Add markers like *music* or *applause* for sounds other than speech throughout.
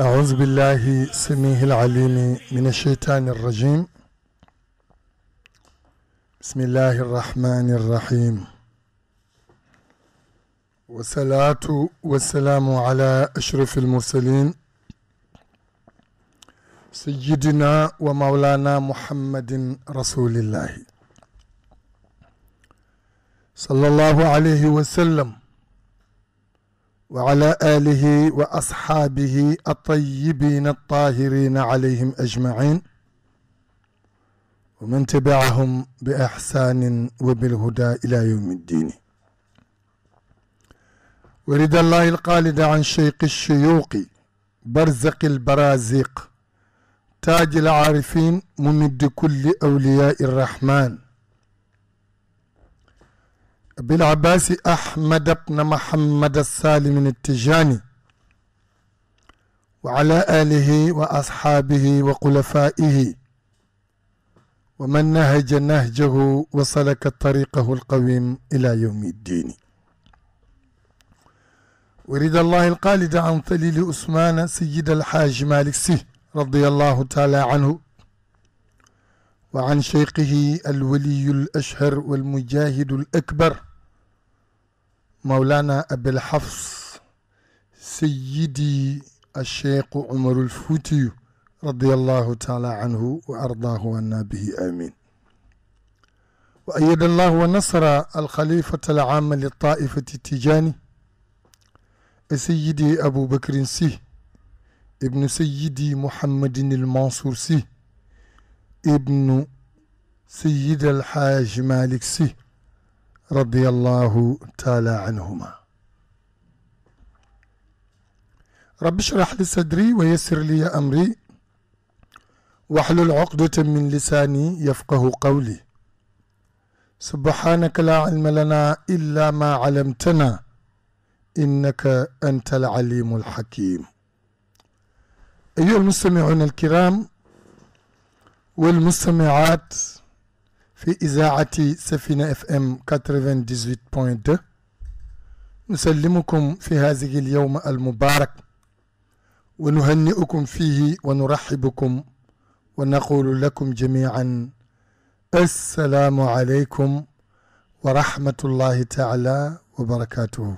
أعوذ بالله سميه العليم من الشيطان الرجيم بسم الله الرحمن الرحيم والصلاة والسلام على أشرف المرسلين سيدنا ومولانا محمد رسول الله صلى الله عليه وسلم وعلى آله وأصحابه الطيبين الطاهرين عليهم أجمعين ومن تبعهم بإحسان وبالهدى إلى يوم الدين ورد الله القالد عن شيق الشيوخ برزق البرازيق تاج العارفين ممد كل أولياء الرحمن بالعباس أحمد بن محمد السالم التجاني وعلى آله وأصحابه وخلفائه ومن نهج نهجه وسلك طريقه القويم إلى يوم الدين ورد الله القالد عن طليل أسمان سيد الحاج مالك سي رضي الله تعالى عنه وعن شيخه الولي الأشهر والمجاهد الأكبر مولانا أبي الحفص سيدي الشيخ عمر الفوتي رضي الله تعالى عنه وأرضاه عنا به آمين وأيد الله ونصر الخليفة العام للطائفة التجاني سيدي أبو بكر سي ابن سيدي محمد المنصور سي ابن سيد الحاج مالك سي رضي الله تعالى عنهما رب اشرح لي صدري ويسر لي أمري واحلل عقدة من لساني يفقه قولي سبحانك لا علم لنا إلا ما علمتنا إنك أنت العليم الحكيم أيها المستمعون الكرام والمستمعات في إذاعة سفينة اف ام 98.2 نسلمكم في هذه اليوم المبارك ونهنئكم فيه ونرحبكم ونقول لكم جميعا السلام عليكم ورحمة الله تعالى وبركاته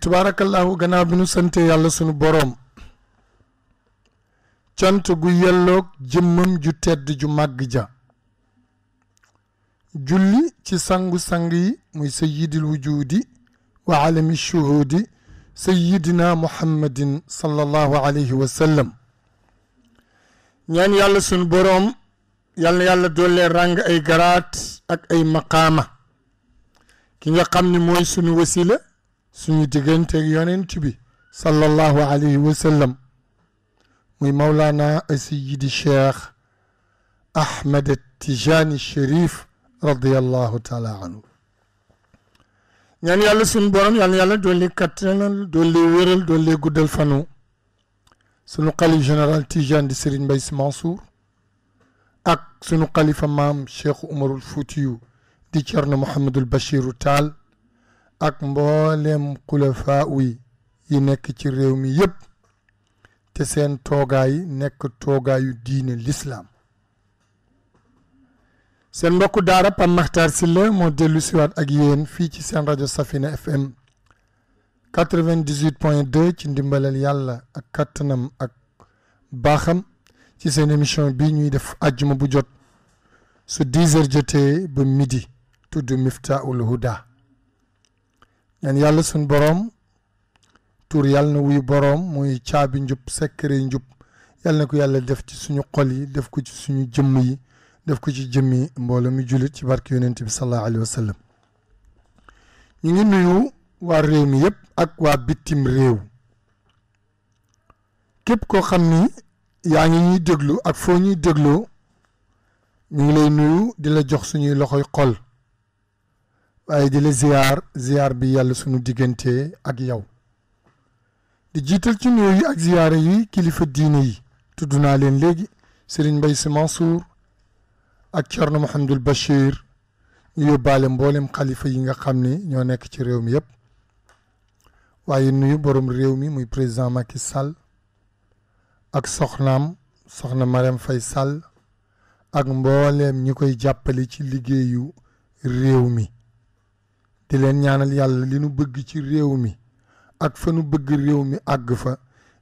تبارك الله gannaaw bi سنتي sante yàlla cant gu yellok jëmmam ju tedd ju mag ja julli ci sangu-sang yi muy wujudi wa alami shuhudi sayyidina muhammadin sallallahu alayhi wa sallam ñaan yàlla sun borom yàlla yàlla dole ràng ay garat ak ay maqama ki nga xamni moy sunu wasila suñu digeentek yonent bi sallallahu alayhi wa sallam مي مولانا السيد الشيخ أحمد التجاني الشريف رضي الله تعالى عنه يعني على سن بورم يعني على دولي كاتل دولي ويرل دولي غودل فانو سنو قالي جنرال تيجان دي سيرين بايس منصور اك سنو قالي فمام شيخ عمر الفوتيو دي تشرن محمد البشير تال اك مبولم كلفاوي ينك تي ريومي ييب te seen toogaay nekk toogaayu diine lislaam seen mbokku daara Pape Makhtar Sylla moo dellu siwaat ak yéen fii ci seen rajo Safina FM 98.2 point 2 ci ndimbalal yàlla ak kàttanam ak baaxam ci seen émission bi ñuy def àjjuma bu jot su 10 heures jotee ba midi tudd Miftaahul Huda ñaan yàlla suñ boroom tur yàlla na wuy boroom mooy caabi njub secret njub yàlla na ko yàlla def ci suñu xol yi def ko ci suñu jëmm yi def ko ci jëmmi mbooloo mi jullit ci barke yonent bi sallallahu alayhi wa ñu ngi nuyu waa réew mi yëpp ak waa bitim réew képp koo xam ni yaa ngi ñuy déglu ak foo ñuy dégloo ñu ngi lay nuyu di la jox suñuy loxoy xol waaye di la ziyaar ziyaar bi yàlla suñu diggante ak yow di jiital ci nuyoo ak ziyaara yi kilifa diine yi tudd naa leen léegi Serigne mbay Sy Mansour ak Thierno Mouhamadul Bachir ñu yóbbaale mboolem xalifa yi nga xam ni ñoo nekk ci réew mi yépp waaye nuyu boroom réew mi muy président Macky Sall ak soxnaam soxna Marème fay sal ak mbooleem ñi koy jàppale ci liggéeyu réew mi di leen ñaanal yàlla li nu bëgg ci réew mi ak fa nu bëgg réew mi àgg fa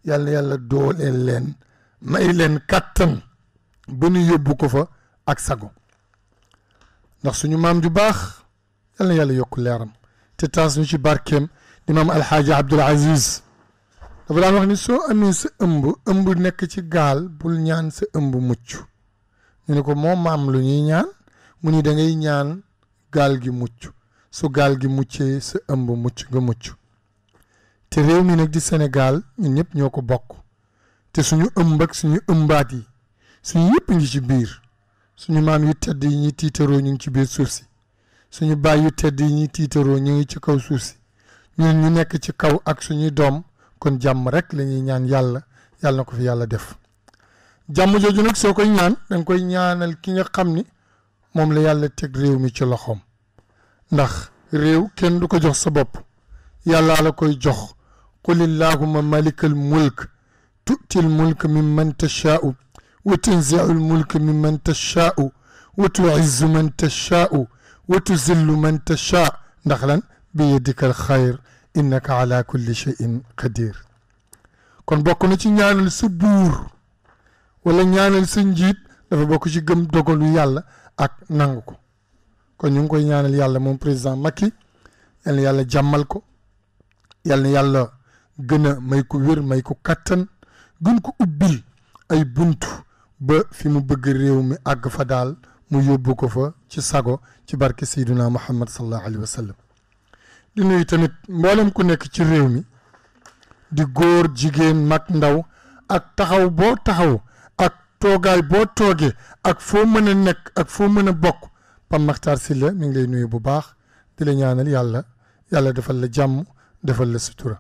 yàlla yàlla dooleel leen may leen kàttan ba ñu yóbbu ko fa ak sago ndax suñu maam ju baax yàlla yàlla yokk leeram te taas ñu ci barkeem di maam alxaaji Abdul Aziz dafa daan wax ni soo amee sa ëmb ëmb nekk ci gaal bul ñaan sa ëmb mucc ñu ne ko moo maam lu ñuy ñaan mu ni da ngay ñaan gaal gi mucc su gaal gi muccee sa ëmb mucc nga mucc te réew mi nag di Sénégal ñun ñëpp ñoo ko bokk te suñu ëmb ak suñu ëmbaat yi suñu yëpp ngi ci biir suñu maam yu tedd yi ñuy tiitaroo ñu ngi ci biir suuf si suñu baay yu tedd tiitaroo ñu ngi ci kaw suuf si ñun ñu nekk ci kaw ak suñuy doom kon jàmm rek lañuy ñaan yàlla yàlla na ko fi yàlla def jàmm jooju nag soo koy ñaan danga koy ñaanal ki nga xam ni moom la yàlla teg réew mi ci loxoom ndax réew kenn du ko jox sa bopp yàlla la koy jox قل اللهم ملك الملك تؤتي الملك ممن تشاء وتنزع الملك ممن تشاء وتعز من تشاء وتزل من تشاء دخلا بيدك الخير انك على كل شيء قدير كون بوكو نتي نيانال سبور ولا نيانال سنجيت دا بوكو سي گم يالا اك نانغكو كون نيونكو نيانال يالا مون بريزيدان ماكي يالا يالا يالا يالا gën a may ko wér may ko kattan gën ko ubbil ay bunt ba fi mu bëgg réew mi àgg fa daal mu yóbbu ko fa ci sago ci barke Seydina Muhammad sallallahu alayhi wa sallam di nuyu tamit mboolem ku nekk ci réew mi di góor jigéen mag ndaw ak taxaw boo taxaw ak toogaay boo toogee ak foo mën a nekk ak foo mën a bokk Pape Makhtar Sylla mi ngi lay nuyu bu baax di la ñaanal yàlla yàlla defal la jàmm defal la sutura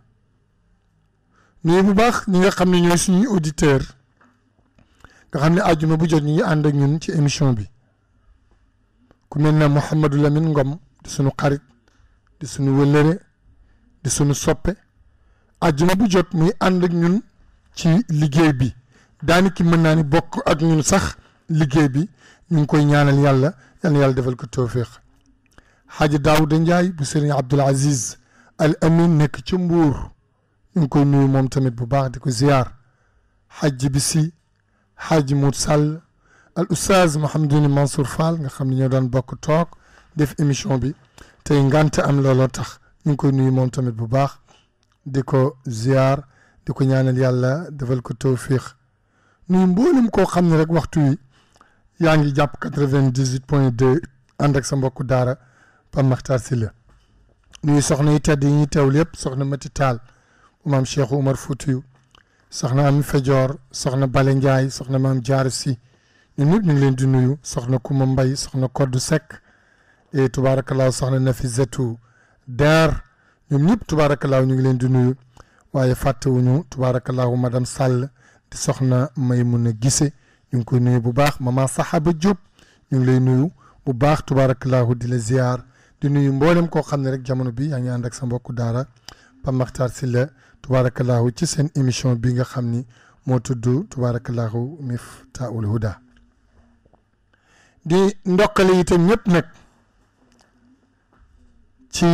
nuyu bu baax ñi nga xam ne ñooy suñuy auditeur nga xam ne àjjuma bu jot ñu ngi ànd ak ñun ci émission bi ku mel ne Mouhamadou Lamine Ngom di suñu xarit di suñu wëllëre di suñu soppe àjjuma bu jot muy ànd ak ñun ci liggéey bi daanaki mën naa ni bokk ak ñun sax liggéey bi ñu ngi koy ñaanal yàlla yal yàlla defal ko tawfiq xaaji Daawuda Njaay bu Sëriñ Abdul Aziz Al Amin nekk ci Mbuur ñu ngi koy nuyu moom tamit bu baax di ko ziar xajji bisi xajji mut sàll al oustaz Mouhamadou Mansour Fall nga xam ne ñoo daan bokk toog def émission bi tey ngante am looloo tax ñu ngi koy nuyu moom tamit bu baax di ko ziar di ko ñaanal yàlla defal ko tawfiq nuyu mboolum koo xam rek waxtu wi yaa jàpp 98 point sa mbokku daara Pape Makhtar Sylla nuyu soxna yi tedd yi ñuy teewlu soxna Mati maam Cheikh Oumar Foutiou soxna Ami Fadior soxna Bale Ndiaye soxna maam Diarra Sy ñun ñëpp ñu ngi leen di nuyu soxna Kouma Mbaye soxna Koddu Seck et tubaarakallaahu soxna Nafisatou Der ñoom ñëpp tubaarakallaahu ñu ngi leen di nuyu waaye fàttewuñu tubaarakallaahu madame Sall di soxna Maymuna Gise ñu ngi koy nuyu bu baax mama Sahaba Diop ñu ngi lay nuyu bu baax tubaarakallaahu di la ziar di nuyu mboolem koo xam ne rek jamono bi yaa ngi ànd ak sa mbokku daara Pape Makhtar tubaarakallaahu ci seen émission bi nga xam ni moo tudd tubaarakallaahu Miftaahul da di ndokkale itam ñëpp nag ci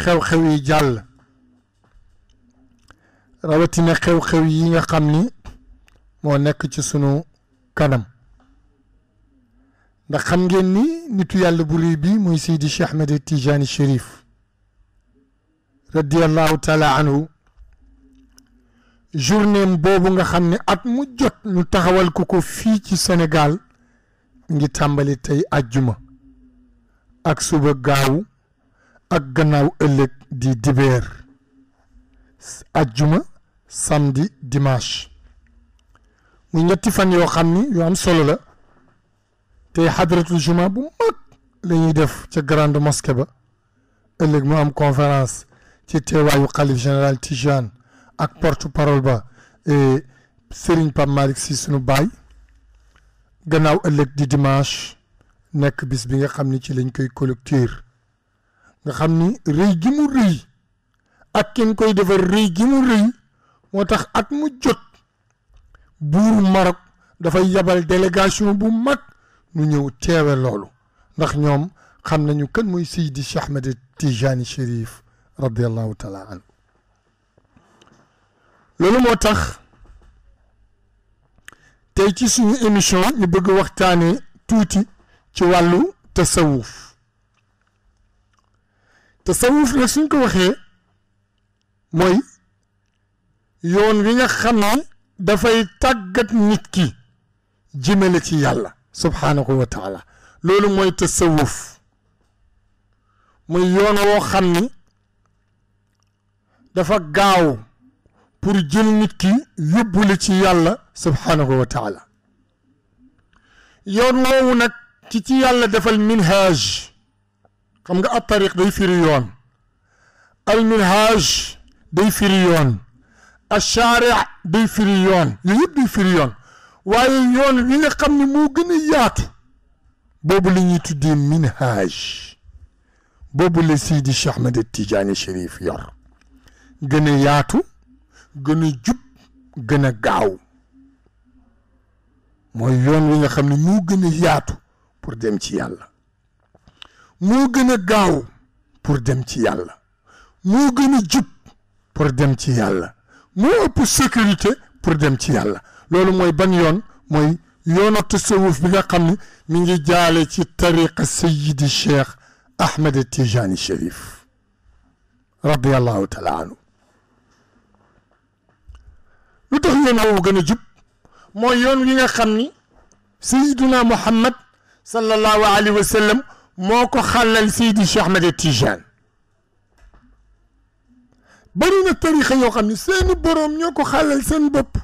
xew-xew yi jàll rawatina xew-xew yi nga xam ni moo nekk ci sunu kanam ndax xam ngeen ni nitu yàlla bu bi muy Seydi Cheikh Ahmed Tidiane Chérif radiallahu taala anhu journée boobu nga xam ne at mu jot ñu taxawal ko ko fii ci Sénégal ngi tàmbali tey àjjuma ak suba gaaw ak gannaaw ëllëg di dibeer àjjuma samedi dimanche mu ñetti fan yoo xam ni yu am solo la tey xadratul juma bu mag la def ca grande mosquée ba ëllëg mu am conférence ci téwayu khalif général Tijane ak porte parole ba Serigne pam malik si sunu bay gannaaw ëlëk di dimanche nek bis bi nga xamni ci lañ koy collecteur nga xamni reuy gi mu reuy ak kin koy defal reuy gi mu reuy motax tax at mu jot buuru Maroc fay yabal délégation bu mag ñu ñëw téwé lolu ndax ñom xam nañu kan mooy Seydi Cheikh Ahmed Tijani Chérif radiallahu taala anhu loolu moo tax tey ci suñu émission ñu bëgg waxtaane tuuti ci wàllu tasawuf tasawuf nag suñ ko waxee mooy yoon wi nga xam ne dafay tàggat nit ki jëmale ci yàlla subhaanahu wa taala loolu mooy tasawuf muy yoon woo xam ni dafa gaaw pour jël nit ki yóbbu la ci yàlla subhaanahu wa taala yoon woowu nag ci ci yàlla defal minhaaj xam nga ab tariq day firi yoon al minhaaj day firi yoon ashaari day firi yoon yooyu yëpp day firi yoon waaye yoon wi nga xam ne moo gën a yaatu boobu la ñuy tuddee minhaaj boobu la Sidi Cheikh Ahmed Tidiane Chérif yor gën a yaatu gën a jub gën a gaaw mooy yoon wi nga xam ni moo gën a yaatu pour dem ci yàlla moo gën a gaaw pour dem ci yàlla moo gën a jub pour dem ci yàlla moo ëpp sécurité pour dem ci yàlla loolu mooy ban yoon mooy yoonu tasawuf bi nga xam ne mi ngi jaale ci tariqa sayidi cheikh Ahmed Tijani Cherif radiyallahu taala anhu lu tax yoon woowu gën a jub mooy yoon wi nga xam ni sayiduna muhammad sallallahu alayhi wa sallam moo ko xàllal sayidi cheikh ahmed tijane bari na tarixa yoo xam ni seeni boroom ñoo ko xàllal seen bopp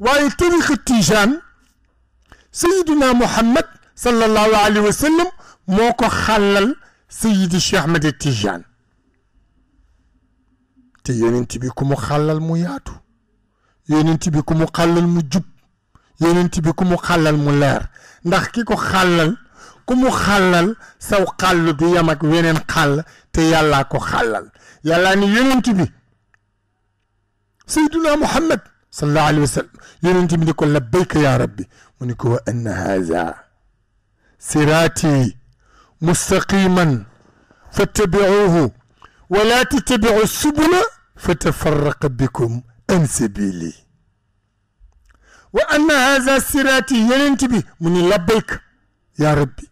waaye tarixa tijane sayiduna muhammad sallallahu alayhi wa sallam moo ko xàllal sayidi cheikh ahmed tijane te yonent bi ku mu xàllal mu yaatu yonent bi ku mu xàllal mu jub yonent bi ku mu xàllal mu leer ndax ki ko xàllal ku mu xàllal saw xàll du yam ak weneen xàll te yàlla ko xàllal yàlla ni yonent bi sayduna muhammad sallallahu alayhi wa sallam yonent bi ni ko labbayka ya rabbi mu ni ko wa anna haza siraati mustaqiman fattabicuuhu wala tattabicu subula fatafarraqa bikum ansabili wa anna haza siraati yenent bi mu ni labbayk yaa rabbi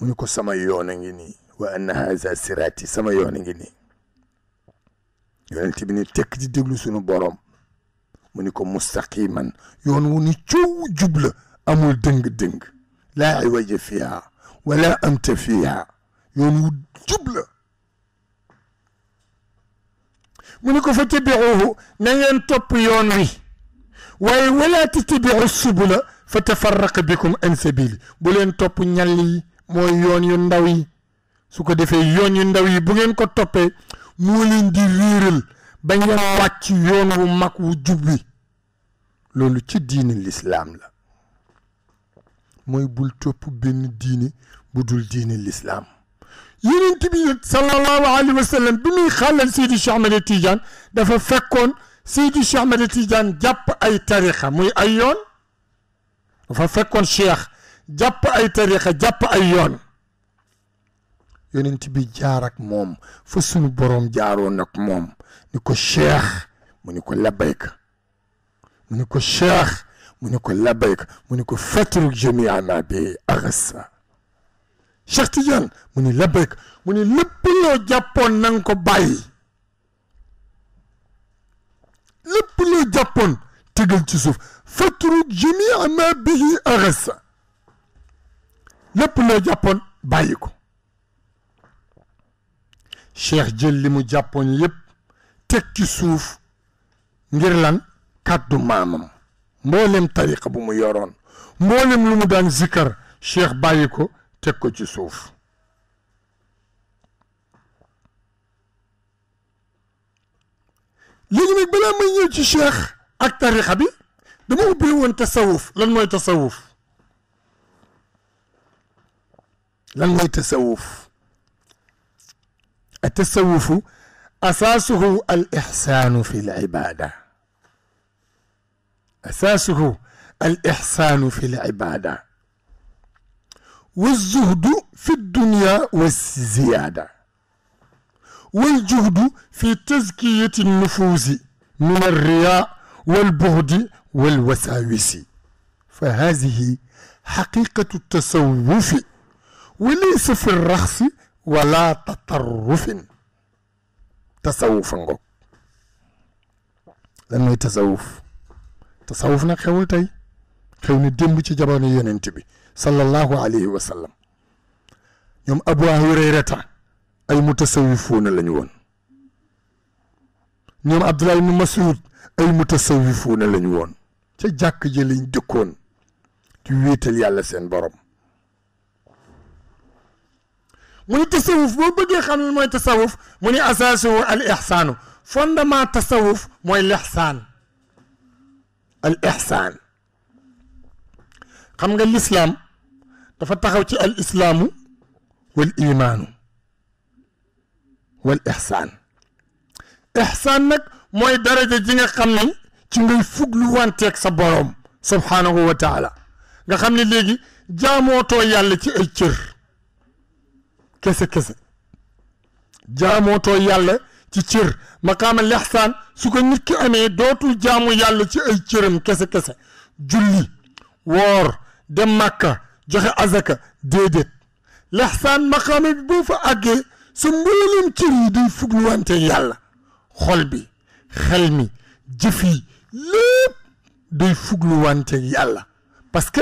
mu ni ko sama yoon a ngi nii wa anna haza siraati sama yoon a ngi nii yonent bi ni tekk di déglu sunu boroom mu ni ko mustaqiman yoon wu ni coow jub la amul dëng-dëng laa iwaja fiha wala amta fiha yoon wu jub mu ne ko fa tabiuhu na ngeen topp yoon wi waaye wala tattabiu subula fa tafarraqa bikum an sabili bu leen topp ñàll yi mooy yoon yu ndaw yi su ko defee yoon yu ndaw yi bu ngeen ko toppee moo leen di réeral ba ngeen wàcc yoon wu mag wu jub wi loolu ci diini lislaam la mooy bul topp benn diini bu dul diini lislaam yonent bi it sallallahu alayhi wa sallam bi muy xàllal Seydi Cheikh Ahmed Tidiane dafa fekkoon Seydi Cheikh Ahmed Tidiane jàpp ay tarixa muy ay yoon dafa fekkoon cheikh jàpp ay tarixa jàpp ay yoon yonent bi jaar ak moom fa sunu boroom jaaroon ak moom ni ko cheikh mu ni ko labayka mu ni ko cheikh mu ni ko labayka mu ni ko fatruk jamia ma bi agassa Cheikh Tidiane mu ni labbayk mu ni lépp loo jàppoon na ko bàyyi lépp loo jàppoon tegal ci suuf fatru jamia ma bihi arasa lépp loo jàppoon bàyyi ko cheikh jël li mu jàppoon yépp teg ci suuf ngir lan kàddu maamam mboolem tariqa bu mu yoroon mboolem lu mu daan zikkar cheikh bàyyi ko teg ko ci suuf léegi nag balaa may ñëw ci cheikh ak tarixa bi dama ubbee woon tasawuf lan mooy tasawuf lan mooy tasawuf التصوف أساسه الإحسان في العبادة أساسه الإحسان في العبادة والزهد في الدنيا والزيادة والجهد في تزكية النفوس من الرياء والبهد والوساوس فهذه حقيقة التصوف وليس في الرخص ولا تطرف تصوف لأنه يتصوف تصوفنا tasawuf tasawuf nag xewul tey xew sallallahu alayhi wa sallam ñoom abu hurayrata ay mutasawifuuna la ñu woon ñoom abdullah ibnu masud ay mutasawifuuna la woon ca jàkk ji lañ dëkkoon di wéetal yàlla seen borom mu ni tasawuf boo bëggee xam ne mooy tasawuf mu ni al ixsaanu fondement tasawuf mooy lixsaan al ixsaan xam nga lislaam dafa taxaw ci al islaamu wal imaanu wal ixsaan ixsaan nag mooy daraja ji nga xam ne ci ngay fuglu wanteeg sa boroom subhaanahu wa taala nga xam ne léegi jaamootoo yàlla ci ay cër kese kese jaamootoo yàlla ci cër maqaama lexsaan su ko nit ki amee dootul jaamu yàlla ci ay cëram kese kese julli woor dem màkka joxe azaka déedéet lexsaan maqaama bi boo fa àggee sa mbooleem cër yi day yàlla xol bi xel mi jëf yi lépp day yàlla parce que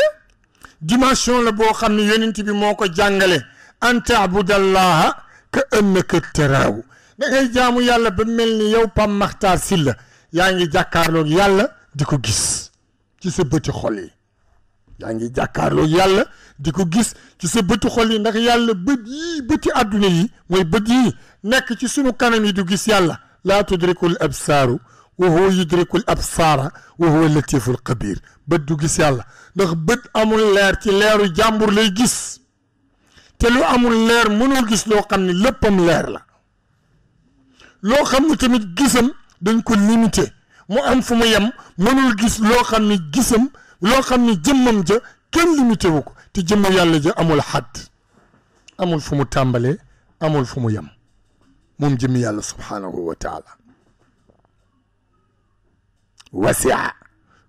dimension la boo xam ne yonent bi moo ko jàngale an taabudallaha ka annaka taraawu da ngay jaamu yàlla ba mel ni yow Pam Silla yaa ngi jàkkaarloog yàlla di ko gis ci sa bëti xol yi yaangi jakarlo yàlla diko gis ci sa bëtu xol yi ndax yàlla beut yi beuti aduna yi moy beut yi nek ci sunu kanam yi du gis yàlla la tudrikul absaru wa huwa yudrikul absara wa huwa latiful qabir beut du gis yàlla ndax beut amul leer ci leeru jambour lay gis te lu amul leer mënul gis lo xamni léppam leer la lo xamni tamit gisam dañ ko limiter mu am fu mu yem mënul gis lo xamni gisam lo xamni ne jëmmam ja kenn limité wu ko te jëmm yàlla ja amul xadd amul fumu tambalé amul fumu yam mom moom yàlla subhanahu wa taala wasia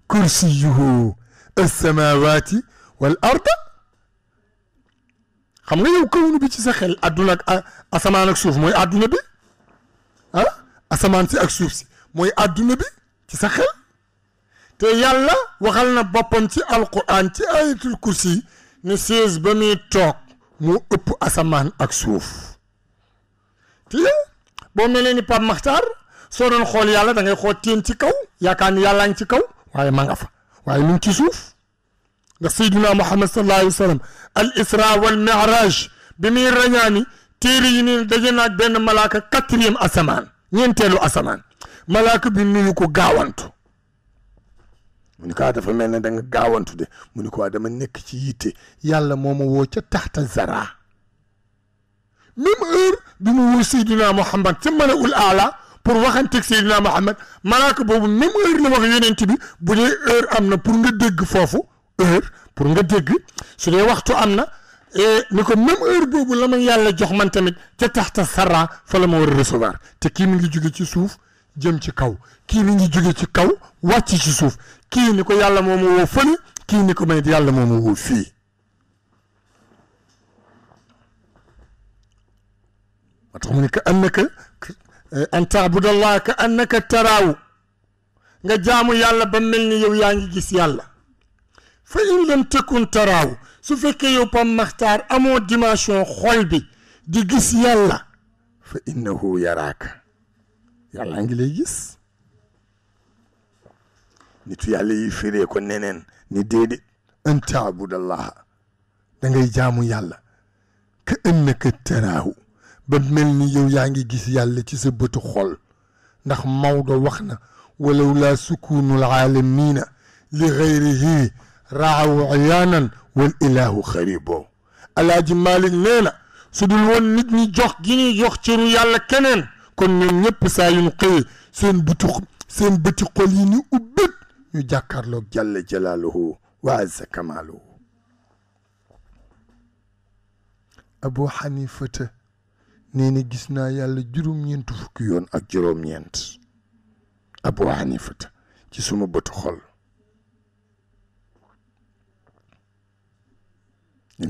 kursiyuhu as-samawati wal ard xam nga yow kawnu bi ci sa xel aduna ak asaman ak suuf moy aduna bi ha asaman ci ak suuf moy aduna bi ci sa xel te yàlla waxal na boppam ci alquran ci ayatul kursi ne siis ba muy toog mu ëpp asamaan ak suuf te boo mel ni Pape Makhtar soo doon xool yàlla da ngay xool teen ci kaw yaakaar ni yàllaa ngi ci kaw waaye ma fa waaye mu ci suuf ndax sayduna muhammad sallallahu alayhi wa sallam al isra wal miraj bi muy rañaani téere yi ne daje naag benn malaaka quatrième asamaan ñeenteelu asamaan malaaka bi nuyu ko gaawantu mu ni ko ah dafa mel ne da nga gaawantu de mu ni ko ah, dama nekk ci yitte yàlla moo ma woo ca taxta zara même heure bi mu woo Seydina Mouhamad ca malaul aala pour waxanteeg Seydina Mouhamad malaaka boobu même heure la wax yonent bi bu dee heure am na pour nga dégg foofu heure pour nga dégg su dee waxtu am na eh, ni ko même heure boobu la ma yàlla jox man tamit ca taxta zara fa la ma war a recevoir te kii mu ngi jóge ci suuf jëm ci kaw kii ni ñi jóge ci kaw wàcc ci suuf kii ni ko yàlla moomu woo fële kii ni ko may yàlla moomu woo fii ma tax mu ne ka annaka an taabudallah ka annaka taraawu nga jaamu yàlla ba mel ni yow yaa ngi gis yàlla fa in lam takun taraawu su fekkee yow pam maxtaar amoo dimension xol bi di gis yàlla fa innahu yaraaka yàllaa ngi lay gis nitu yàlla yi firee ko neneen ni déedéet an taabudallaha da ngay jaamu yàlla ka ënnaka taraahu ba mel ni yow yaa ngi gis yàlla ci sa bëtu xol ndax Maodo wax na walaw laa sukuunul aalamiina li gayrihi raaw iyaanan wal ilaahu xaribo alaaji Malik nee na su dul woon nit ñi jox gi ñuy jox cëru yàlla keneen kon ñoom ñëpp saa yu ñu xëyee seen butu seen bëti xol yi ñu ubbit ñu jàkkaarloog jàlle jalaaluhu wa azza abu xanifata nee gis naa yàlla juróom-ñeent fukki yoon ak juróom-ñeent abu xanifata ci suma bëtu xol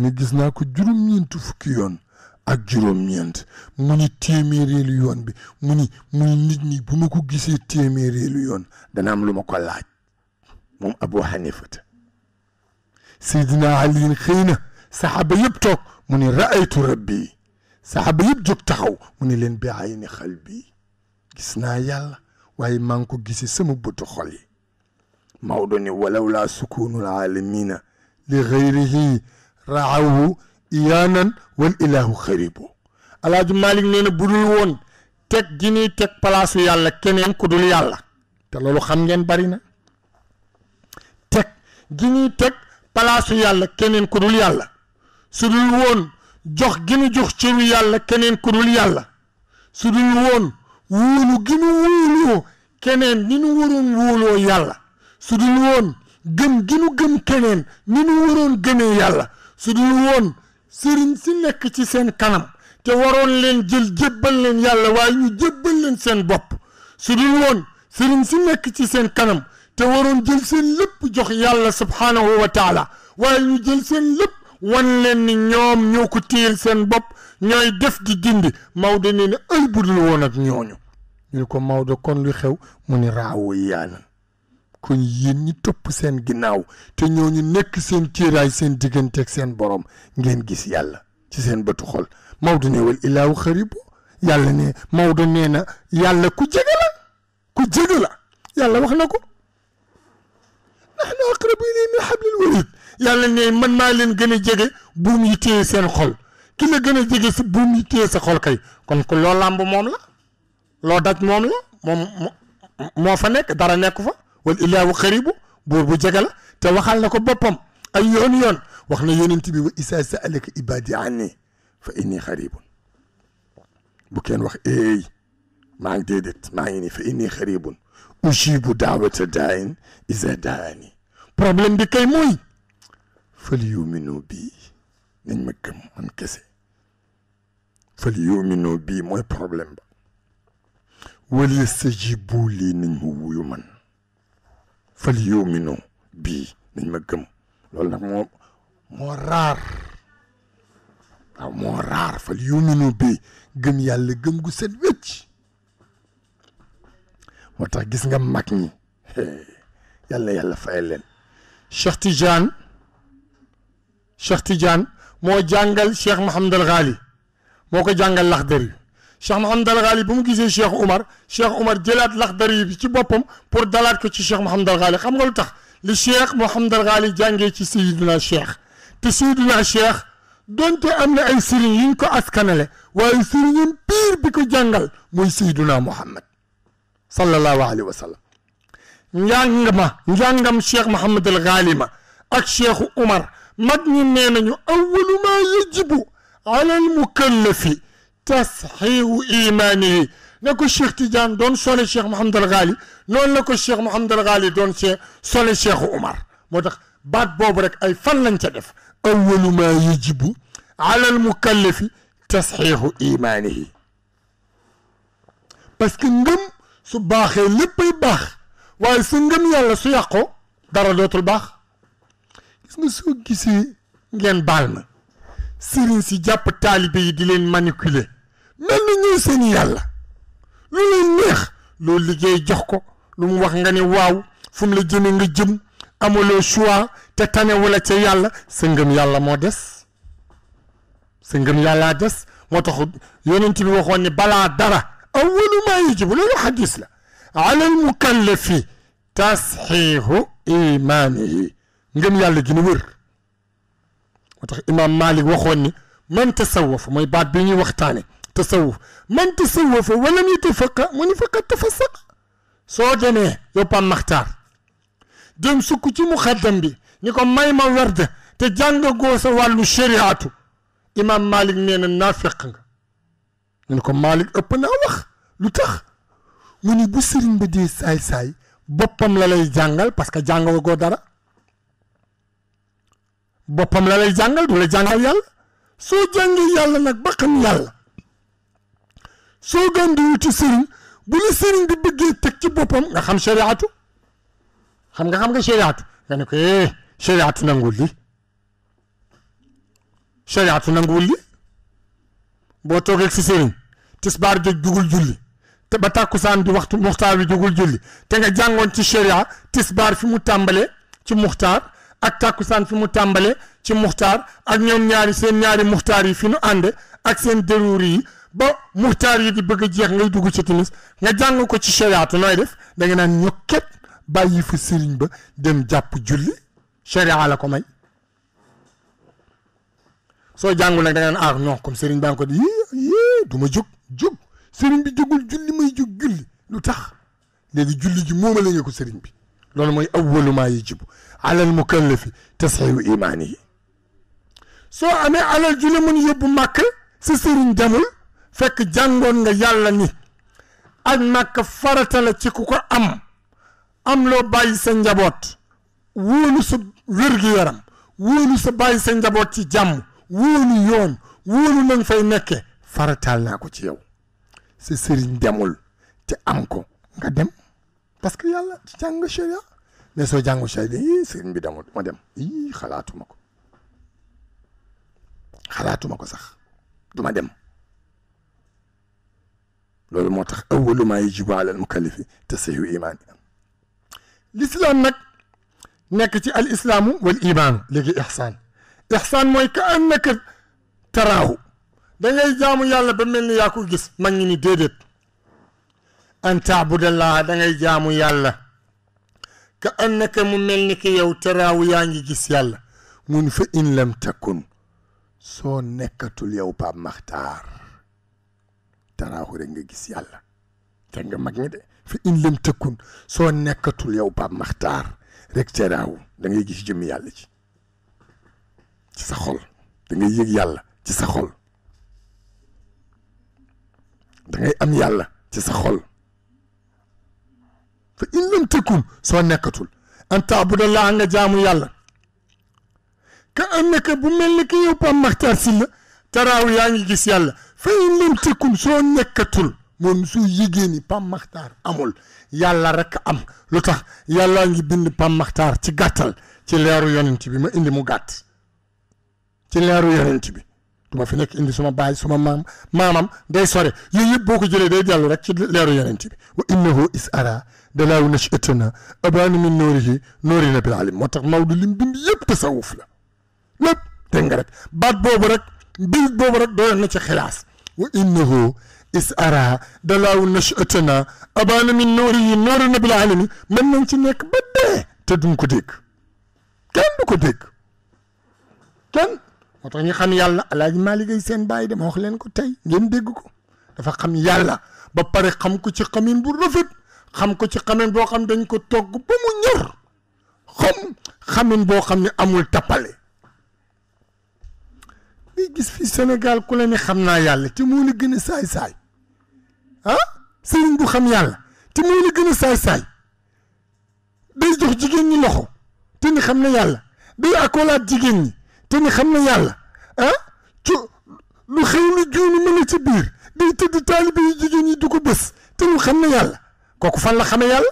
nee gis naa ko juróom-ñeent fukki yoon ak juróom-ñeent mu téeméeréelu yoon bi mu ni mu ni nit ñi bu ma ko gisee téeméeréelu yoon dana am lu ma ko laaj moom Abu Hanifata Seydina Ali xëy na saxaaba yëpp toog mu raaytu rabbi saxaaba yëpp jóg taxaw mu ni leen bi ay ni xal bii gis naa yàlla waaye maa ngi ko gisee sama bëtu xol yi Maodo ni walaw laa sukuunul aalamiina li xëyrihi raawu iyaanan wal ilaahu xaribu alaaji Malick nee na budul woon teg gi ñuy teg yàlla keneen ku dul yàlla te loolu xam ngeen bari na teg gi ñuy teg palaasu yàlla keneen ku dul yàlla su dul woon jox gi ñu jox cëru yàlla keneen ku dul yàlla su dul woon wóolu gi ñu wóoloo keneen ni ñu waroon wóoloo yàlla su dul woon gëm gi ñu gëm keneen ni ñu waroon gëmee yàlla su dul woon sëriñ si nekk ci seen kanam te waroon leen jël jébbal leen yàlla waaye ñu jébbal leen seen bopp su woon sëriñ si nekk ci seen kanam te waroon jël seen lépp jox yàlla subhaanahu wa taala waaye ñu jël seen lépp wan leen ni ñoom ñoo ko téyel seen bopp ñooy def di dindi Maodo nee na ay budul woon ak ñooñu ñu ko Maodo kon lu xew mu ni raawoo yaanan kon yéen ñi topp seen ginnaaw te ñu nekk seen kiiraay seen digganteeg seen boroom ngeen gis yàlla ci seen bëtu xol Maodo ne wal ilaahu xaribu yàlla ne Maodo nee na yàlla ku jege la la yàlla wax na ko nahnu min hablil warid man maa leen gën a jege buum yi téye seen xol ki la gën a jege si buum yi téye sa xol kay kon ko loo làmb moom la loo daj moom la moo fa nekk dara nekku fa والإله وخريبه بوربو جغلا توخال نكو بابم أي يون يون وخنا يون انتبه وإسا سألك إبادي عني فإني خريب بكين وخ إي ما عند ما عيني فإني خريب أجيب دعوة داين إذا داني problem دي كي موي فليؤمنوا بي نين مكم من كسي فليؤمنوا بي موي problem ولي سجيبو لي نين هو فليؤمنوا بي من مغم لول نك مو مو رار او مو رار فليؤمنوا بي گم يالا گم گو سن ويتش وتا گيس نغا ماك ني يالا يالا فايل شيخ تيجان شيخ تيجان مو جانغال شيخ محمد الغالي موكو جانغال لاخدري شيخ محمد الغالي بوم غيسي شيخ عمر شيخ عمر جيلات لخدري سي بوبم بور دالات كو سي شيخ محمد الغالي خم نغول تخ لي شيخ محمد الغالي جانغي سي سيدنا الشيخ تي سيدنا الشيخ دونتي امنا اي سيرين ينكو اسكانل واي سيرين بير بيكو جانغال موي سيدنا محمد صلى الله عليه وسلم نيانغما نيانغام شيخ محمد الغالي ما اك شيخ عمر مدني نينا اول ما يجب على المكلف تصحيح إيمانه نكو الشيخ تيجان دون سولي الشيخ محمد الغالي نون نكو الشيخ محمد الغالي دون سولي الشيخ عمر مدخ بات بوبرك أي فلن لنجدف أول ما يجب على المكلف تصحيح إيمانه بس كنغم سو باخي لبي باخ وعي سنغم يالا سو يقو دارا دوت الباخ اسمو سو جيسي جين بالمك sëriñ si jàpp taalibe yi di leen manipuler mel ni ñuy seen yàlla lu leen neex loo liggéey jox ko lu mu wax nga ne fu mu la jëme nga jëm amolo choix te tane wala ci yàlla sa ngëm yàlla mo dess sa ngëm yàllaa des tax yonent bi waxone bala dara awalu maa yajibu loolu xadis la ala al mukallafi tasxiixu imanihi ngëm yàlla gi ni wër moo tax imaam malik waxoon ni man tasawafa mooy baat bi ñuy waxtaane tasawuf man tasawafa walam yatafaqa mu ni faqat tafasaq soo demee yow pam maxtaar dem sukk ci muxaddam bi ni ko may ma werd te jàng goo sa wàllu shariatu imaam malik nee na naafiq nga ñu ne ko malik ëpp naa wax lu tax mu ni bu sëriñ ba dee saay-saay boppam la lay jàngal parce que jàngoo goo dara boppam la lay jàngal du la jàngal yàlla soo jàngee yàlla nag ba xam yàlla soo gàndiwu ci sëriñ bu la sëriñ di bëggee teg ci boppam nga xam shariatu xam nga xam nga shariatu nga ne ko eh shariatu nanguwul li shariatu nanguwul li boo toogee si sëriñ tisbaar jëg jugul julli te ba tàkkusaan di waxtu muxtaar bi jugul julli te nga jàngoon ci sharia tisbaar fi mu tàmbalee ci muxtaar ak tàkkusaan fi mu tàmbale ci muxtaar ak ñoom ñaari seen ñaari muxtaar yi fi nu ànde ak seen déruur yi ba muxtaar yi di bëgg a jeex ngay dugg ci timis nga jàng ko ci chariatu nooy def da nga naan ñokket bàyyi fa sëriñ ba dem jàpp julli charia la soo jàngul nag da nga aar ah non comme sëriñ baa ngi ko di du ma jug jug sëriñ bi jugul julli may jug julli lu tax léegi julli ji moomale nga ko sëriñ bi loolu mooy awwalu maa yi jibu alal mukallafi tasxiihu imaanihi soo amee alal ju la mën yóbbu màkk si sëriñ demul fekk jàngoon nga yàlla ni aj màkk farata ci ku am am loo bàyyi sa njaboot wóolu sa wér yaram wóolu sa bàyyi sa njaboot ci jàmm wóolu yoon wóolu na nga fay nekke farataal naa ko ci yow sa sëriñ demul te am ko nga dem parce que yàlla ci jàng ne soo jàngu Chahida yi sëriñ bi demul ma dem ii xalaatuma ko xalaatuma ko sax du ma dem loolu moo tax awwalu maa yajibu alal mukallifi tasxiixu imaan lislaam nag nekk ci al islaamu wal imaanu léegi ixsaan ixsaan mooy ngay jaamu yàlla ba mel ni yaa ko gis mag ñi ni déedéet ngay jaamu yàlla ka annaka mu mel ni ki yow taraawu yaa ngi gis yàlla mun fa in lam takun soo nekkatul yow Pape Makhtar taraawu rek nga gis yàlla te nga mag ni de fa in lam soo nekkatul yow Pape Makhtar rek taraawu da ngay gis jëmmi yàlla ci ci sa xol da yëg yàlla ci sa xol da am yàlla ci sa xol fa in lam soo nekkatul an taabudallah nga jaamu yàlla ka annaka bu mel ni ki yow Pape Makhtar Sylla yaa ngi gis yàlla fa in lam soo nekkatul moom su yégée ni Pape amul yàlla rek am lu tax yàllaa ngi bind Pape Makhtar ci gàttal ci leeru yonent bi ma indi mu gàtt ci leeru yonent bi duma fi nekk indi suma baay suma maam maamam day sore yooyu yëpp boo ko jëlee day jàll rek ci leeru yonent bi wa innahu is ara dalaaw na ci ëttana abaana min noorihi noori na bil alim moo tax Maodo lim bind yëpp tasawuf la lépp dégg rek baat boobu rek mbir boobu rek doyoon na ci xilaas wa innahu is ara dalaaw na ci ëttana abaana min noorihi noori na bil alimi mën nañ nekk ba dee te duñ ko dégg kenn du ko dégg kenn moo tax ñu xam yàlla alaaji Maalik Gay seen bàyyi dama wax leen ko tey ngeen dégg ko dafa xam yàlla ba pare xam ko ci xamin bu rafet xam ko ci xamen boo xam dañ ko togg ba mu ñor xam xamen boo xam ne amul tappale day gis fii Sénégal ku la ne xam naa yàlla te moo la gën a saay-saay ah xam yàlla te moo la gën a saay-saay jox jigéen ñi loxo te ni xam na yàlla day akolaat jigéen ñi te ni xam na yàlla ah? lu xew lu juunu mën a ci biir day tëdd taalibe yu jigéen ñi du ko bés te mu xam na yàlla kooku fan la xamee yàlla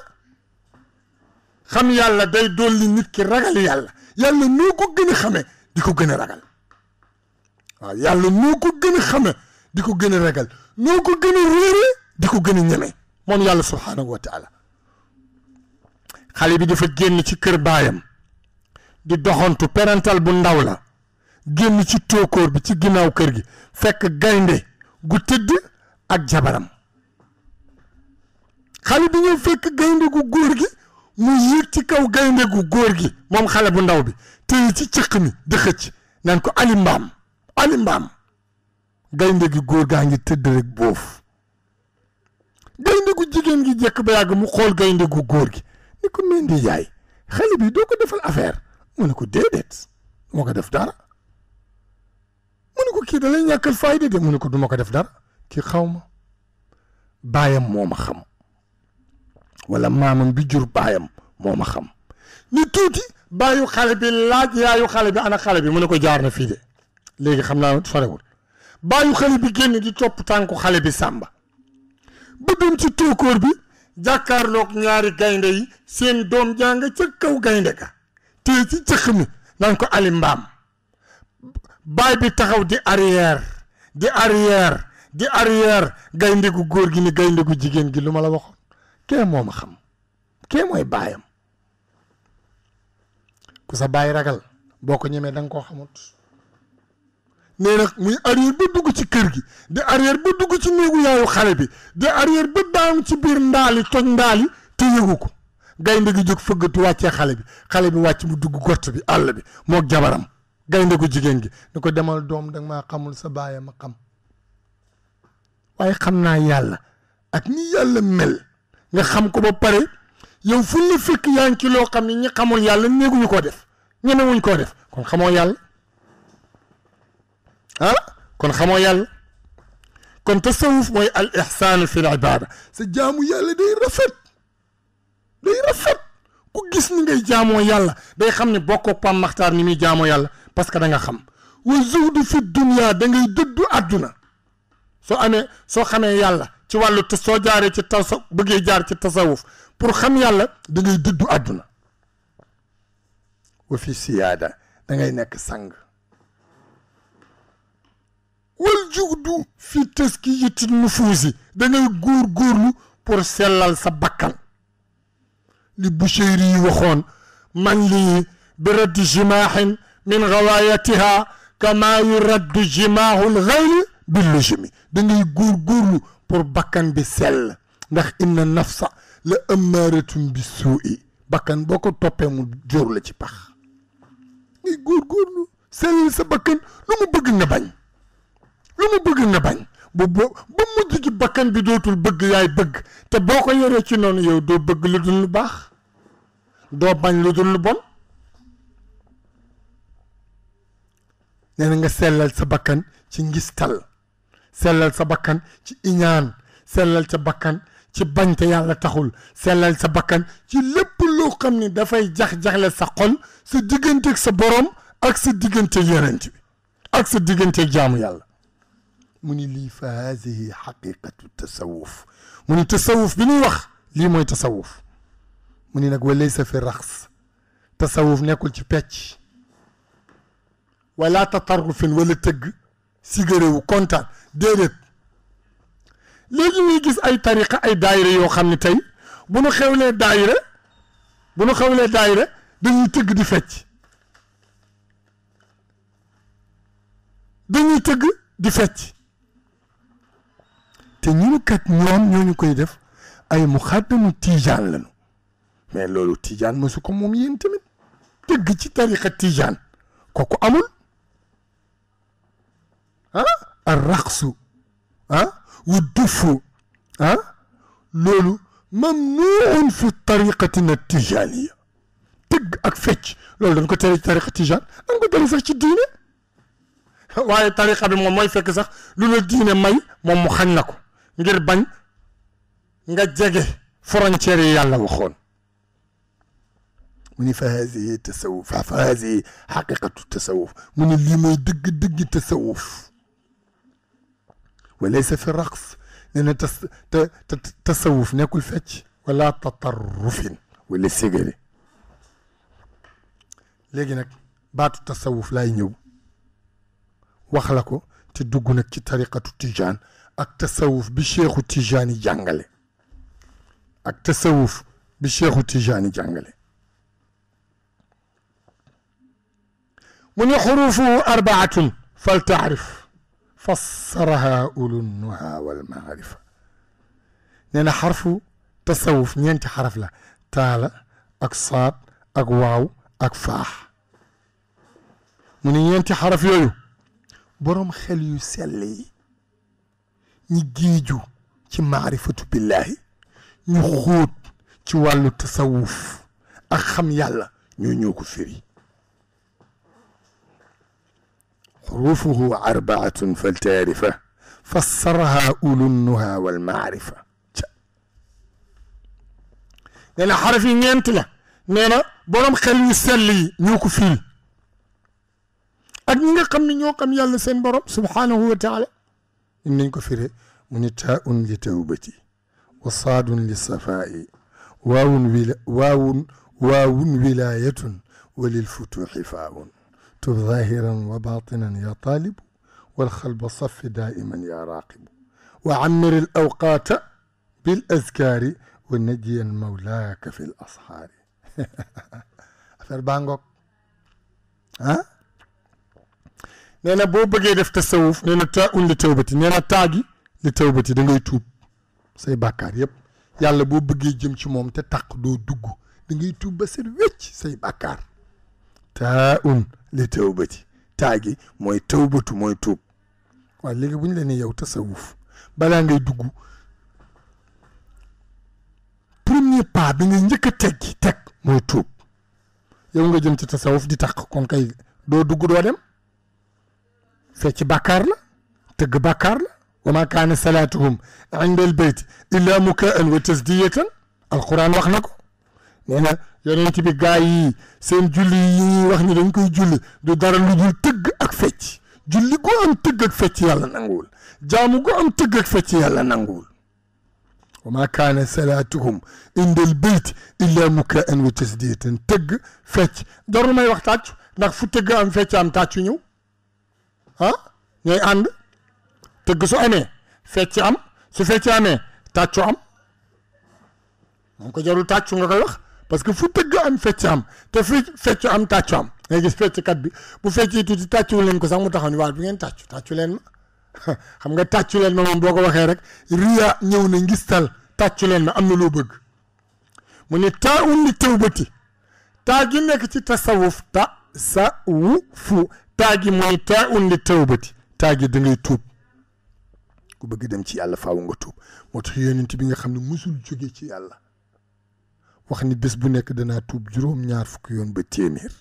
xam yàlla day dolli nit ki ragal yàlla yàlla noo ko gën a di ko gën a ragal waaw yàlla noo ko gën a di ko gën a ragal noo ko gën a di ko gën a ñeme moom yàlla subhaanahu wa taala xale bi dafa génn ci kër baayam di doxantu perantal bu ndaw la génn ci tóokóor bi ci ginnaaw kër gi fekk gaynde gu tëdd ak jabaram xale bi ñëw fekk gaynde gu góor gi mu yéeg ci kaw gaynde gu góor gi moom xale bu ndaw bi téye ci cëq mi di xëcc naan ko ali mbaam ali mbaam gaynde gi góor gaa ngi tëdd rek boof gaynde gu jigéen gi jekk ba yàgg mu xool gaynde gu góor gi ni ko meen di jaay xale bi doo ko defal affaire mu ne ko déedéet moo ko def dara mu ne ko kii da lay ñàkkal fayda de mu ne ko du ma ko def dara kii xaw ma bàyyam moo ma xam wala maamam bi jur baayam moo ma xam ni tuuti baayu xale bi laaj yaayu xale bi ana xale bi mu ne ko jaar na fii de léegi xam naa sorewul baayu xale bi génn di topp tànku xale bi sàmba ba dem ci tóokóor bi jàkkaarloog ñaari gaynde yi seen doom jàng ca kaw gaynde ga téye ci cëq mi naan ko ali mbaam baay bi taxaw di arrière di arrière gaynde gu góor gi ni gaynde gu jigéen gi lu ma la waxoon kee moo ma xam kee mooy baayam ku sa baay ragal boo ko ñemee danga koo xamut nee nag muy arrière ba dugg ci kër gi di arrière ba dugg ci néegu yaayu xale bi di arrière ba daanu ci biir ndaali toj ndaali te yëgu ko gaynde gi jóg fëggatu wàccee xale bi xale bi wàcc mu dugg gott bi àll bi moog jabaram gaynde gu jigéen gi ni ko demal doom danga maa xamul sa baayam a xam waaye xam naa yàlla ak ni yàlla mel nga xam ko ba pare yow fu ñu fekk yaa ngi ci loo xam ne ñi xamul yàlla néeguñu koo def ñemewuñ koo def kon xamoo yàlla ah kon xamoo yàlla kon tasawuf mooy al ihsaan fi al ibaada sa jaamu yàlla day rafet day rafet ku gis ni ngay jaamoo yàlla day xam ne bokkoo Pam Maxtaar ni muy jaamoo yàlla parce que da nga xam wa zuhdu fi dunia da ngay dëddu àdduna soo amee soo xamee yàlla ci walu te soo jaaree ci tasa bëggé jaar ci tasawuf pour xam yàlla da ngay dëddu aduna wa fi siyada da ngay nek sang wal jugdu fi taskiyati nufuusi da ngay gor góorlu pour selal sa bakkan li Buseyri yi waxoon man li bi raddi jimaah min gawaayatiha kama yurad jimaah al ghayl bi lujumi da ngay góorgóorlu pour bakkan bi sell ndax inna nafsa la ëmmaaratum bi suu'i bakkan boo ko toppee mu jor la ci pax ngay góorgóorlu sellal sa bakkan lu mu bëgg nga bañ lu mu bëgg nga bañ bu boo ba mujj gi bakkan bi dootul bëgg yaay bëgg te boo ko yoree ci noonu yow doo bëgg lu dul lu baax doo bañ lu dul lu bon nee na nga sellal sa bakkan ci ngis ngistal sellal sa bakkan ci iñaan sellal sa bakkan ci bañ te yàlla taxul sellal sa bakkan ci lépp loo xam ne dafay jax-jaxle sa xol sa digganteeg sa borom ak sa digganteeg yonent ak sa digganteeg jaamu yàlla mu ni lii fa haadihi xaqiqatu tasawuf mu ni tasawuf bi ñuy wax lii mooy tasawuf mu ni nag walaysa fi raxs tasawuf nekkul ci pecc wala tatarrufin wala tëgg sigare wu kontaan déedéet léegi muy gis ay tariqa ay daayira yoo xam ne tey bu nu xewlee daayira bu nu lee daayira dañuy tëgg di fecc dañuy tëgg di fecc te ñu kat ñoom ñoo ñu koy def ay muxaddamu tijaan lañu mais loolu tijaan mosu ko moom yéen tamit tëgg ci tariqa tijaan kooku amul. الرقص ها والدف لولو ممنوع في الطريقة التجانية تق أكفيتش فيتش لولو دنكو تاريخ طريقة تجان دنكو تاريخ صاحب الدين واي الطريقة بما موي فيك صاح لولو الدين ماي مو مخنكو ngir bañ nga jégé frontière yi yalla waxoon من fa hadhihi tasawuf fa التسوف haqiqatu tasawuf muni li moy deug وليس في الرقص لان التصوف ناكل فتش ولا تطرف واللي سيغري لكن نك بعد التصوف لا ينيو واخلاكو تدوغ نك في طريقه تيجان اك تصوف بشيخو تيجاني جانغالي اك تصوف بشيخو تيجاني جانغالي من حروفه اربعه فلتعرف فسرها أولو النها والمعرفة نينا حرف تصوف نينتي حرف لا تالا أكصاد أكواو أكفاح مني نينتي حرف يويو بروم يو سلي نيجيجو تي معرفة بالله نيخوت تي والو تصوف أخم يالا نيو نيوكو فيري حروفه أربعة فالتعرفة فسرها أولو النهى والمعرفة nee na xaraf yi ñeent la nee na boroom xel yu ak ñi nga xam ñoo xam yàlla seen borom subhaanahu wa taala in nañ ko firee mu ni li tawbati wa saadun li safaa'i waawun wila waawun waawun wilaayatun wa lil futuuxi اكتب ظاهرا وباطنا يا طالب والخلب صف دائما يا راقب وعمر الأوقات بالأذكار ونجيا مولاك في الأصحار affaire baa ngoog ah nee na boo bëggee def tasawuf nee na ta un li tawbati nee na taagi li tawbati da ngay tuub say bàkkaar yépp yàlla boo bëggee jëm ci moom te taq doo dugg da ngay tuub ba set wecc say bàkkaar taa un li tawbati taa gi mooy tawbatu mooy tuub waaye léegi bu ñu la ne yow tasawuf balaa ngay dugg premier pas bi nga njëkk a teg teg mooy tuub yow nga jëm ci tasawuf di tax kon kay doo dugg doo dem fecc bàkkaar la tëgg bàkkaar la wa ma kaana salaatuhum inda al bayt mukaan wa tasdiyatan alquran wax na ko nee na yonent gaa yi seen julli yi ñuy wax ni dañ koy julli du dara lu dul tëgg ak fecc julli gu am tëgg ak fecc yàlla nanguwul jaamu gu am tëgg ak fecc yàlla nanguwul wa ma kaana salaatuhum inda al beyt illa mukaan wa tasdiyatan tëgg fecc jarul may wax tàccu ndax fu tëgg am fecc am tàccu ñëw ah ñooy ànd tëgg su amee fecc am su fecc amee tàccu am moom ko jarul tàccu nga koy wax parce que fu tëgg am fecc am te fi fecc am tàccu am ngay gis fecckat bi bu feccee tuuti tàccuwul leen ko sax mu taxaw ni waaw bi ngeen tàccu tàccu leen ma *laughs* xam nga tàccu leen ma boo ko waxee rek riya ñëw na ngistal tàccu leen ma am na loo bëgg mu ne taa un li tawbati taa gi nekk ci tasawuf ta sa wu fu taa gi mooy taa un li tawbati taa gi da tuub ku bëgg dem ci yàlla faaw nga tuub moo tax yonent bi nga xam ne musul jóge ci yàlla wax ni bés bu nekk danaa tuub juróom-ñaar fukki yoon ba téeméer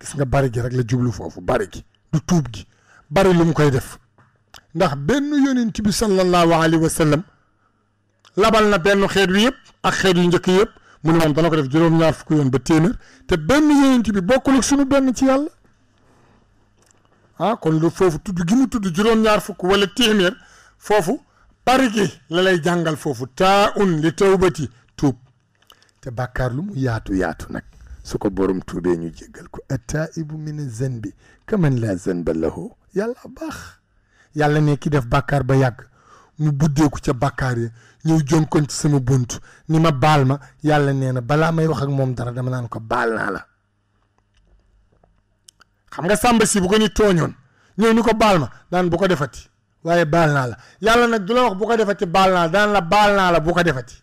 gis nga bari gi rek la jublu foofu bari gi tuub gi bari lu mu koy def ndax benn yonent bi sallallahu alayhi wa sallam labal na benn xeet wi yëpp ak xeet yu njëkk yëpp mu ne dana ko def juróom-ñaar fukki yoon ba téeméer te benn yonent bi bokkul ak sunu benn ci yàlla ah, kon lu foofu tudd gi tudd juróom-ñaar fukk wala téeméer foofu bari gi la lay jàngal foofu taa un li tawbati te bàkkaar lu mu yaatu yaatu nag su ko borom tuubee ñu jéggal ko attaibu mina zanbi kaman la zanba lahu yàlla baax yàlla ne ki def bàkkaar ba yàgg mu buddeeku ca bàkkaar ya ñëw jonkoon ci sama bunt ni ma baal ma yàlla nee na balaa may wax ak moom dara dama naan ko baal naa la xam nga sàmba si bu ko ni tooñoon ñëw ni ko baal ma daan bu ko defati waaye baal naa la yàlla nag du la wax bu ko defati baal naa la daan la baal naa la bu ko defati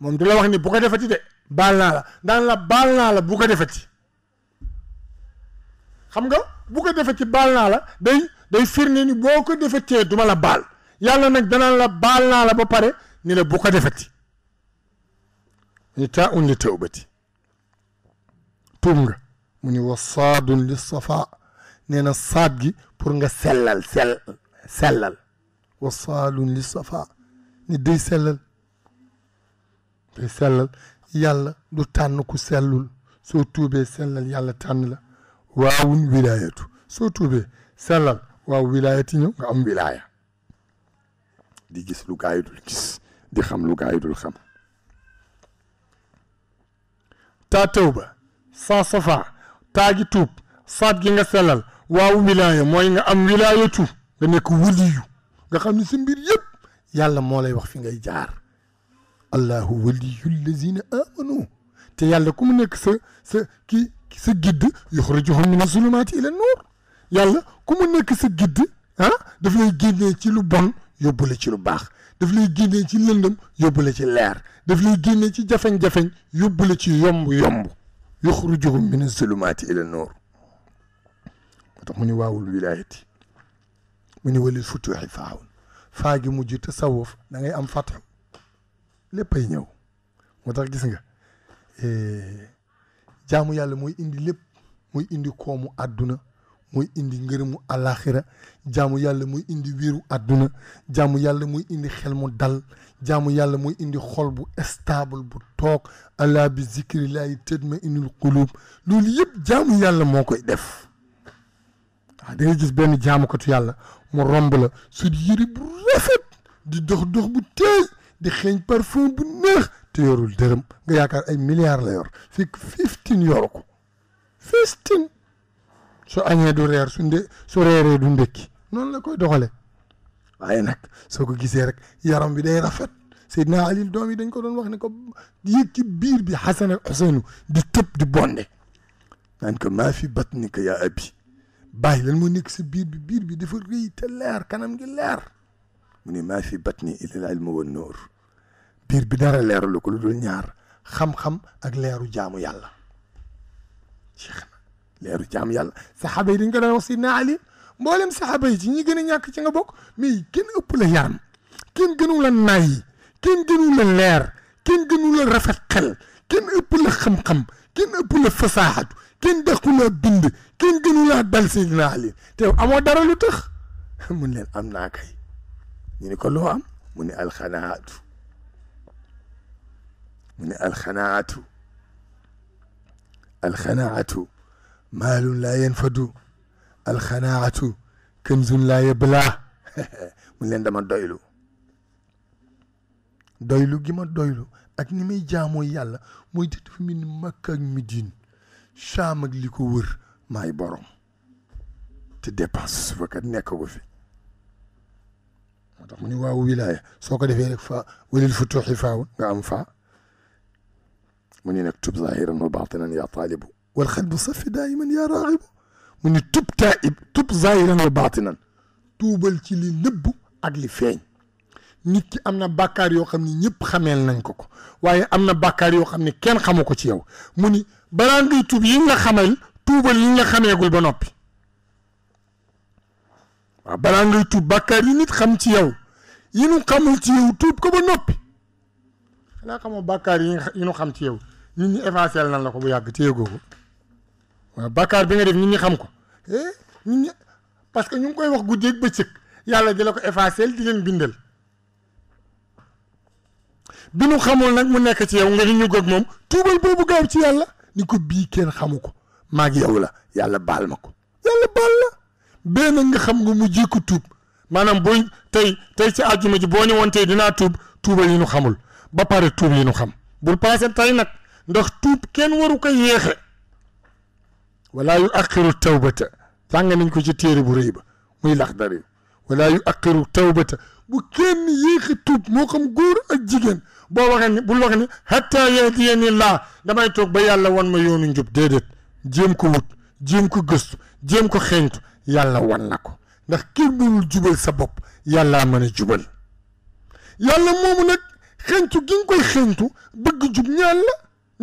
moom du la wax ni bu ko defati de baal naa la daan la baal naa la bu ko defati xam nga bu ko defati baal naa la day day firnde ni boo ko defatee duma la baal yàlla nag danaan la baal naa la ba pare ni la bu ko defati ñu taa un li tawbati tuub nga mu ni wax saadun li safa nee na saad gi pour nga sellal sell sellal wa saadun li safa ni day sellal te sellal yàlla du tànn ku sellul soo tuubee sellal yàlla tànn la waawun wilaayatu soo tuubee sellal waaw wilaayati ñëw nga am wilaaya di gis lu gaa yi dul gis di saa safaa taa tuub saat gi nga sellal waaw wilaaya mooy nga am wilaayatu nga nekk wuliyu nga xam ne si mbir yëpp yàlla moo lay wax fi ngay jaar الله ولي الذين امنوا تي يالا كوم نيك س س كي س جيد يخرجهم من الظلمات الى النور يالا كوم نيك س جيد ها دا فلي جيني سي لو بون يوبلي سي لو باخ دا فلي جيني سي لندم يوبلي سي لير دا فلي جيني سي جافن جافن يوبلي سي يومب يومب يخرجهم من الظلمات الى النور موني واو ان موني ولي الفتوح فاعون فاجي مجي تصوف داغي ام فتح Le ñëw moo gis nga eh, jaamu yalla moy indi lepp moy indi koomu aduna moy indi ngërëmu àllaaxira jaamu yalla moy indi wiru aduna jaamu yalla moy indi dal jaamu indi xol bu stable ala bi jaamu koy def da gis la su bu rafet di dox dox di xeñ parfum bu neex te yorul dërëm nga yaakaar ay milliards la yor fekk fifteen yoru ko fifteen su añee du reer su nde su reeree du ndékki noonu la koy doxale waaye nag soo ko gisee rek yaram bi day rafet Seydina alil doom yi dañ ko doon wax ne ko yéeg ci biir bi Xasan ak xasanu di tëb di bonde naan ko maa fi batnika yaa abi bàyyi lan moo nekk sa biir bi biir bi dafa rëy te leer kanam gi leer مني ما في بطني الا العلم والنور بير بدار لير لو كل دول نيار خم خم اك ليرو جامو يالا شيخنا ليرو جامو يالا صحابه دي نغدا سيدنا علي مولم صحابه دي ني غنا نياك تيغا بوك مي كين اوب لا يارم كين غنو لا ناي كين غنو لا لير كين غنو لا رفات خل كين اوب لا خم خم كين اوب لا فصاحه كين دخو لا بند كين غنو لا دال سيدنا علي تي امو دارا لو تخ مون لين امنا كاي ñini ko loo am mu ne alxanaatu mu ne alxanaatu alxanaatu maalun laa yanfadu alxanaatu kanzun laa yablaa mu leen dama doylu doylu gi ma doylu ak ni may jaamoo yàlla mooy détermine Makka ak Medine Saam ak li ko wër maay borom te dépense su fakat nekk ko fi moo tax mu ni waaw wilaaya soo ko defee rek fa walil futuuxi faawun nga am faa mu ni nag tub zahiran wa baatinan yaa taalibu wal xalbu safi daayiman yaa raaxibu mu ni tub taib tub zahiran wa baatinan tuubal ci li nëbb ak li feeñ nit ki am na bàkkaar yoo xam ne ñëpp xameel nañ ko ko waaye am na bàkkaar yoo xam ne kenn xamu ko ci yow mu ni balaa ngay tuub yi nga xamel tuubal yi nga xameegul ba noppi waaw balaa ngay tuub bàkkaar yi nit xam ci yaw yi nu xamul ci yow tuub ko ba noppi xanaa xamoo bàkkaar yi yi nu xam ci yow nit ñi évancel nan la ko bu yàgg te yëgoo ko waaw bàkkaar bi nga def nit ñi xam ko eh, parce que ñu ngi koy wax guddeeg bëccëg yàlla di la ko évancel di leen bindal bi nu xamul nag mu nekk ci yow nga ni ñu gëg moom tuubal boobu gaaw ci yàlla ni ko bii kenn xamu ko maag yow la yàlla baal ma ko yàlla baal la bee nga xam nga mu jékku tuub maanaam boo tey tey ci àjjuma ji boo ne woon tey dinaa tuub tuuba yi ñu xamul ba pare tuub yi ñu xam bul passé tey nag ndax tuub kenn waru ko yéexe walaa yu aqiru tawbata jàng nañ ko ci téere bu rëy ba muy lax dari walaa yu aqiru tawbata bu kenn yéexe tuub moo xam góor ak jigéen boo waxee ni bul wax ni hatta yahdiyani laa damay toog ba yàlla wan ma yoonu njub déedéet jéem ko wut jéem ko gëstu jéem ko xeeñtu yàlla wan na ko ndax kenn mënul jubal sa bopp yàllaa mën a jubal yàlla moomu nag xentu gi nga koy xentu bëgg jub ñaan la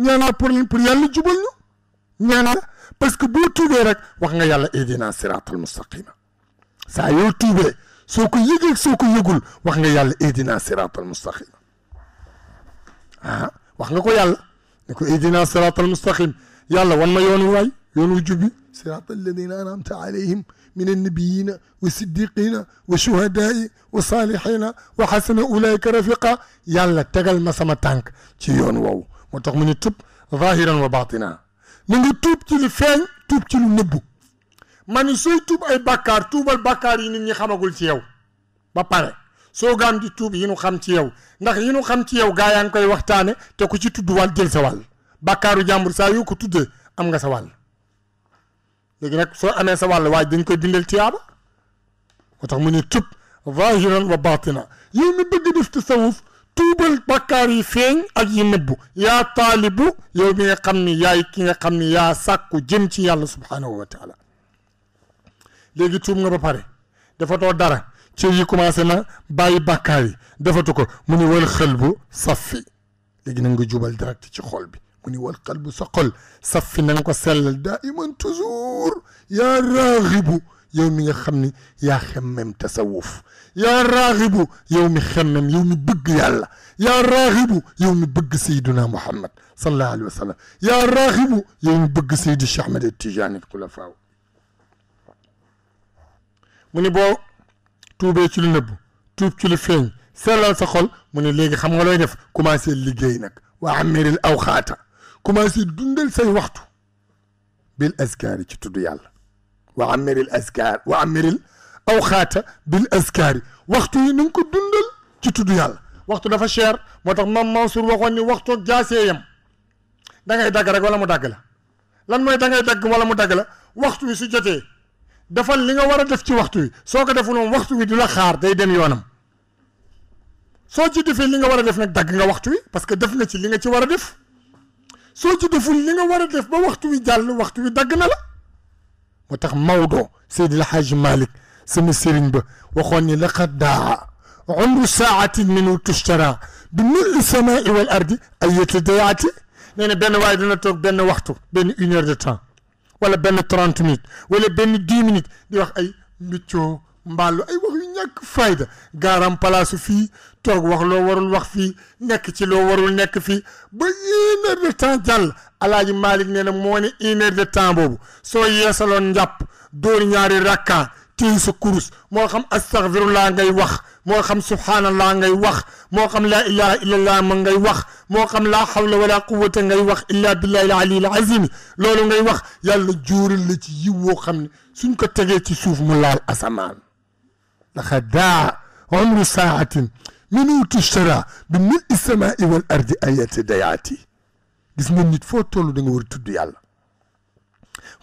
ñaanal pour pour yàlla jubal ñu ñaanal parce que boo tuubee rek wax nga yàlla ihdina siraatal mustaqima saa yow tuubee soo ko yëgee soo wax nga yàlla ihdina siraatal mustaqima ah wax nga ko yàlla ne ko ihdina siraatal mustaqim yàlla wan ma yoonu waay yoonu jub bi siraat alladina anamta alayhim min annabiyina wa siddiqina wa shuhadaai wa saalihina wa xasana ulaika rafiqa yàlla tegal ma sama tànk ci yoon woowu moo tax mu ne tub zahiran wa batina na nga tuub ci lu feeñ tuub ci lu nëbbu ma ni sooy tuub ay bàkkaar tuubal bàkkaar yi ni ñi xamagul ci yow ba pare soo gaam di tuub yi nu xam ci yow ndax yi nu xam ci yow gaa yaa ngi koy waxtaane te ku ci tudd wàll jël sawal wàll bàkkaaru jàmbur saa yoo ko tuddee am nga sa léegi nag soo amee sa wàll waaye dañ koy bindal tiyaaba moo tax mu ne tub zahiran wa baatina yow mi bëgg def tasawuf tuubal bakkaar yi feeñ ak yi nëbbu yaa taalibu yow mi nga xam ni yaay ki nga xam ni yaa sàkku jëm ci yàlla subhaanahu wa taala léegi tuub nga ba pare dafatoo dara ci yi commencé na bàyyi bakkaar yi defatu ko mu ni wal xel bu saf léegi na nga jubal direct ci xol bi السكون والقلب ثقل صف نانكو سل دائما تزور يا راغب يومي يا خمني يا خمم تصوف يا راغب يومي خمم يومي بق يالا يا راغب يومي بق سيدنا محمد صلى الله عليه وسلم يا راغب يومي بق سيد الشيخ احمد التجاني الخلفاء موني بو توبي تي لنبو توب تي لفين سلا سخول موني ليغي خم نغ لاي ديف كوماسي ليغي نك commencé dundal say waxtu bil askaari ci tudd yàlla wa ammiril askaar wa ammiril aw xaata bil askaari waxtu yi na nga ko dundal ci tudd yàlla waxtu dafa cher moo tax mam Mansour waxoon ni waxtu ak jaasee yam da ngay dagg rek wala mu dagg la lan mooy da ngay dagg wala mu dagg la waxtu wi su jotee defal li nga war a def ci waxtu wi soo ko deful moom waxtu wi du la xaar day dem yoonam soo ci defee li nga war a def nag dagg nga waxtu wi parce que def nga ci li nga ci war a def soo ci deful li nga war a def ba waxtu wi jàll waxtu wi dagg na la moo tax Maodo Seydi El Hadji Malick sama sëriñ ba waxoon ni laqad daa umru saatin minu tushtara bi mulli samaai wal ardi ayati dayaati nee na benn waaye dina toog benn waxtu benn une heure de temps wala benn trente minutes wala benn dix minutes di wax ay mbiccoo mbaalu ay wax yu ñàkk fayda gaaram palaasu fii toog wax loo warul wax fii nekk ci loo warul nekk fii ba une heure de temps jàll alaaji Malick nee na moo ne une heure de temps boobu soo yeesaloon njàpp dóor ñaari rakka téy sa kurus moo xam astaghfirullah ngay wax moo xam subhanallah ngay wax moo xam laa ilaha illallah ma ngay wax moo xam laa hawla wala quwwata ngay wax illa billahi aliyil azim loolu ngay wax yàlla jóoral la ci yiw woo xam ne suñ ko tegee ci suuf mu laal asamaan لقد عمر ساعة من تشترى بمن السماء والأرض آيات دياتي جسم نيت فوتو لو دنگور تدو يالا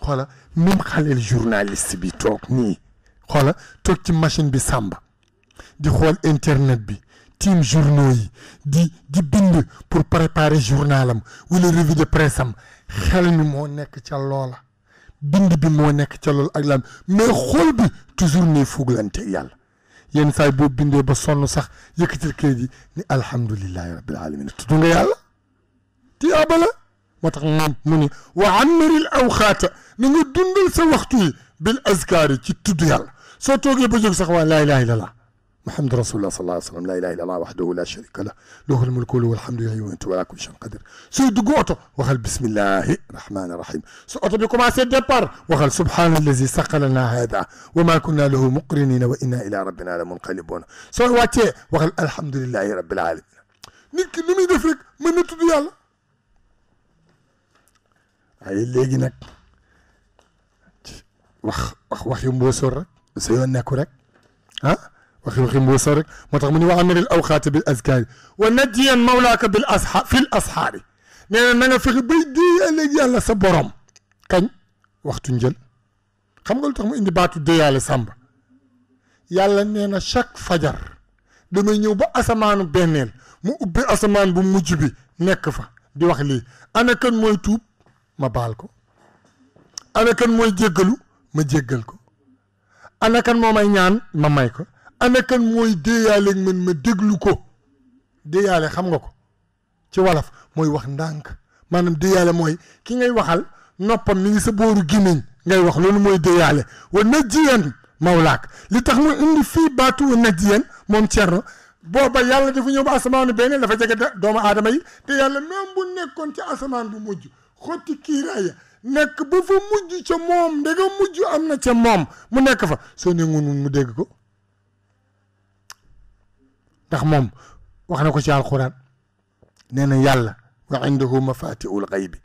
خولا ميم خالي الجورناليست بي توك ني خولا توك تي ماشين بي سامبا دي خول انترنت بي تيم جورنوي دي دي بيند بور بريباري جورنالام ولا ريفي دي بريسام خال ني مو نيك تيا لولا بيند بي مو نيك تيا لول اك لام مي خول بي توجور ني فوغلانتي يالا yenn saay boo bindee ba sonn sax yëkkatil këyit yi ni alhamdulillahi rabbil alamin tudd nga yàlla tiyaaba la moo tax moom mu ni wa ammaril awxaata na nga dundal sa waxtu yi bil azkaar yi ci tudd yàlla soo toogee ba jóg sax waa laa ilaaha illallah محمد رسول الله صلى الله عليه وسلم لا اله الا الله وحده لا شريك له له الملك وله الحمد يحيي ويميت وعلى كل شيء قدير سيد قوته وقال بسم الله الرحمن الرحيم سأعطي بكم على سيد ديبار وقال سبحان الذي سقى لنا هذا وما كنا له مقرنين وانا الى ربنا لمنقلبون سواتي وخل وقال الحمد لله رب العالمين نيك نمي دفرك من نتو ديال هاي اللي جنك واخ واخ واخ يوم بوسور رك ها وخلقي موسرك متغمني وعمل الأوقات بالأزكاة ونديا مولاك بالأصحى في الأصحار نعم من في بيدي اللي يلا سبرم كان وقت نجل كم قلت لكم إني باتو دي على سامبا يلا نينا شك فجر لما يوبا أسمان بينيل مو بي أسمان بمجبي نكفا دي وخلي أنا كان مويتوب ما بالكو أنا كان مويتوب ما جيجلكو أنا كان مو ما ما مايكو ana kan mooy déeyaale ak man ma déglu ko déeyaale xam nga ko ci wolof mooy wax ndànk maanaam déeyaale mooy ki ngay waxal noppam mi ngi sa booru gémmiñ ngay wax loolu mooy déeyaale wa najjiyan mawlaak li tax na fii baatu wa najjiyan moom Thierno booba yàlla dafa ñëw ba asamaan beneen dafa jege doomu aadama yi te yàlla même bu nekkoon ci asamaan bu mujj xotti kiiraaya nekk ba fa mujj ca moom ndega mujj am na ca moom mu nekk fa soo ne ngunun mu dégg ko ndax moom wax na ko ci alquran nee na yàlla wa indahu mafatihu lxaybi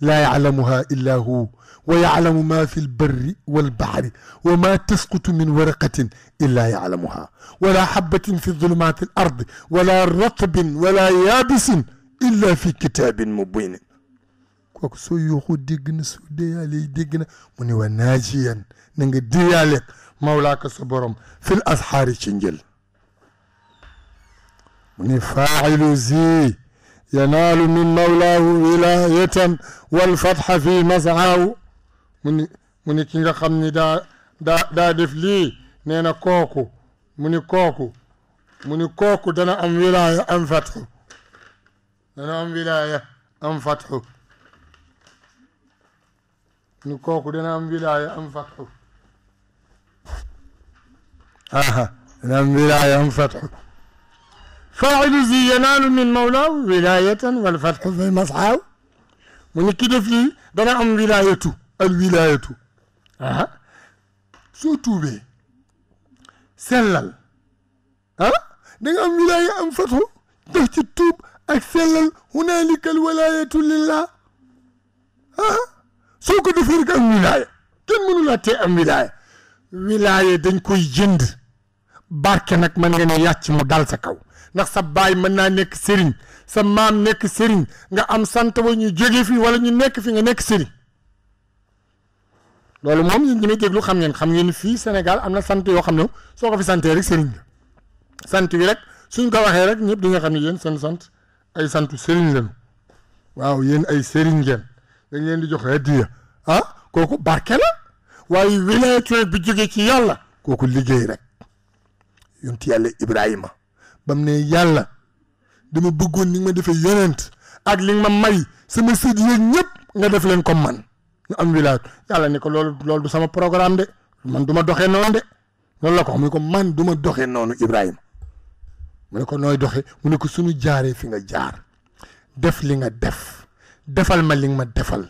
laa yaclamuha illa hu wa yaclamu ma fi lbarri walbaxri wa ma tasqutu min waraqatin illa yaclamuha wala xabatin fi zulumaati alard wala ratbin wala yaabisin illa fi kitaabin mubinin kooku soo yuuxu dégg na soo déyaale yi dégg na mu ne wa naajiyan na nga déyaaleeg mawlaaka sa borom fil asxaari ci njël mu ni faaxilu zi yanaalu min mawlaahu wilayatan wal fatxa fi masaahu mu ni mu ni xam ni daa def lii nee na kooku mu ni kooku ni kooku dana am wilaaya am fatxu dana am kooku dana am wilaaya am fatxu dana am wilaaya am fatxu faaxilu zi yanaalu min mawlaaw wilaayatan wal fatxu fi masxaaw mu ne ki def lii dana am wilaayatu al wilaayatu ah soo tuubee sellal ah da nga am wilaaya am fatxu def ci tuub ak sellal hunaalika al walaayatu lillah ah soo ko defee rek am wilaaya kenn mënu laa tee am wilaaya wilaaya dañ koy jënd barke nag mën nga ne yàcc mu dal sa kaw ndax sa baay mën naa nekk sëriñ sa maam nekk sëriñ nga am sant wa ñu jóge fii wala ñu nekk fi nga nekk sëriñ loolu moom ñun ñi may déglu xam ngeen xam ngeen fii Sénégal am na sant yoo xam ne soo ko fi santee rek sëriñ la sant bi rek suñ ko waxee rek ñëpp di nga xam ne yéen seen sant ay santu sëriñ lañu waaw yéen ay sëriñ ngeen nga leen di jox hadiya ah kooku barke la waaye wilaayatul bi jóge ci yàlla kooku liggéey rek ci yàlla Ibrahima ba mu ne yàlla dama bëggoon ni ma defee yonent ak li nga ma may sama sët yeeg ñëpp nga def leen comme man ñu am village yàlla ni ko loolu loolu du sama programme de man du ma doxee noonu de loolu la ko mu ne ko man du doxee noonu Ibrahima mu ne nooy doxee mu ne ko suñu jaaree fi nga jaar def li nga def defal ma li nga ma defal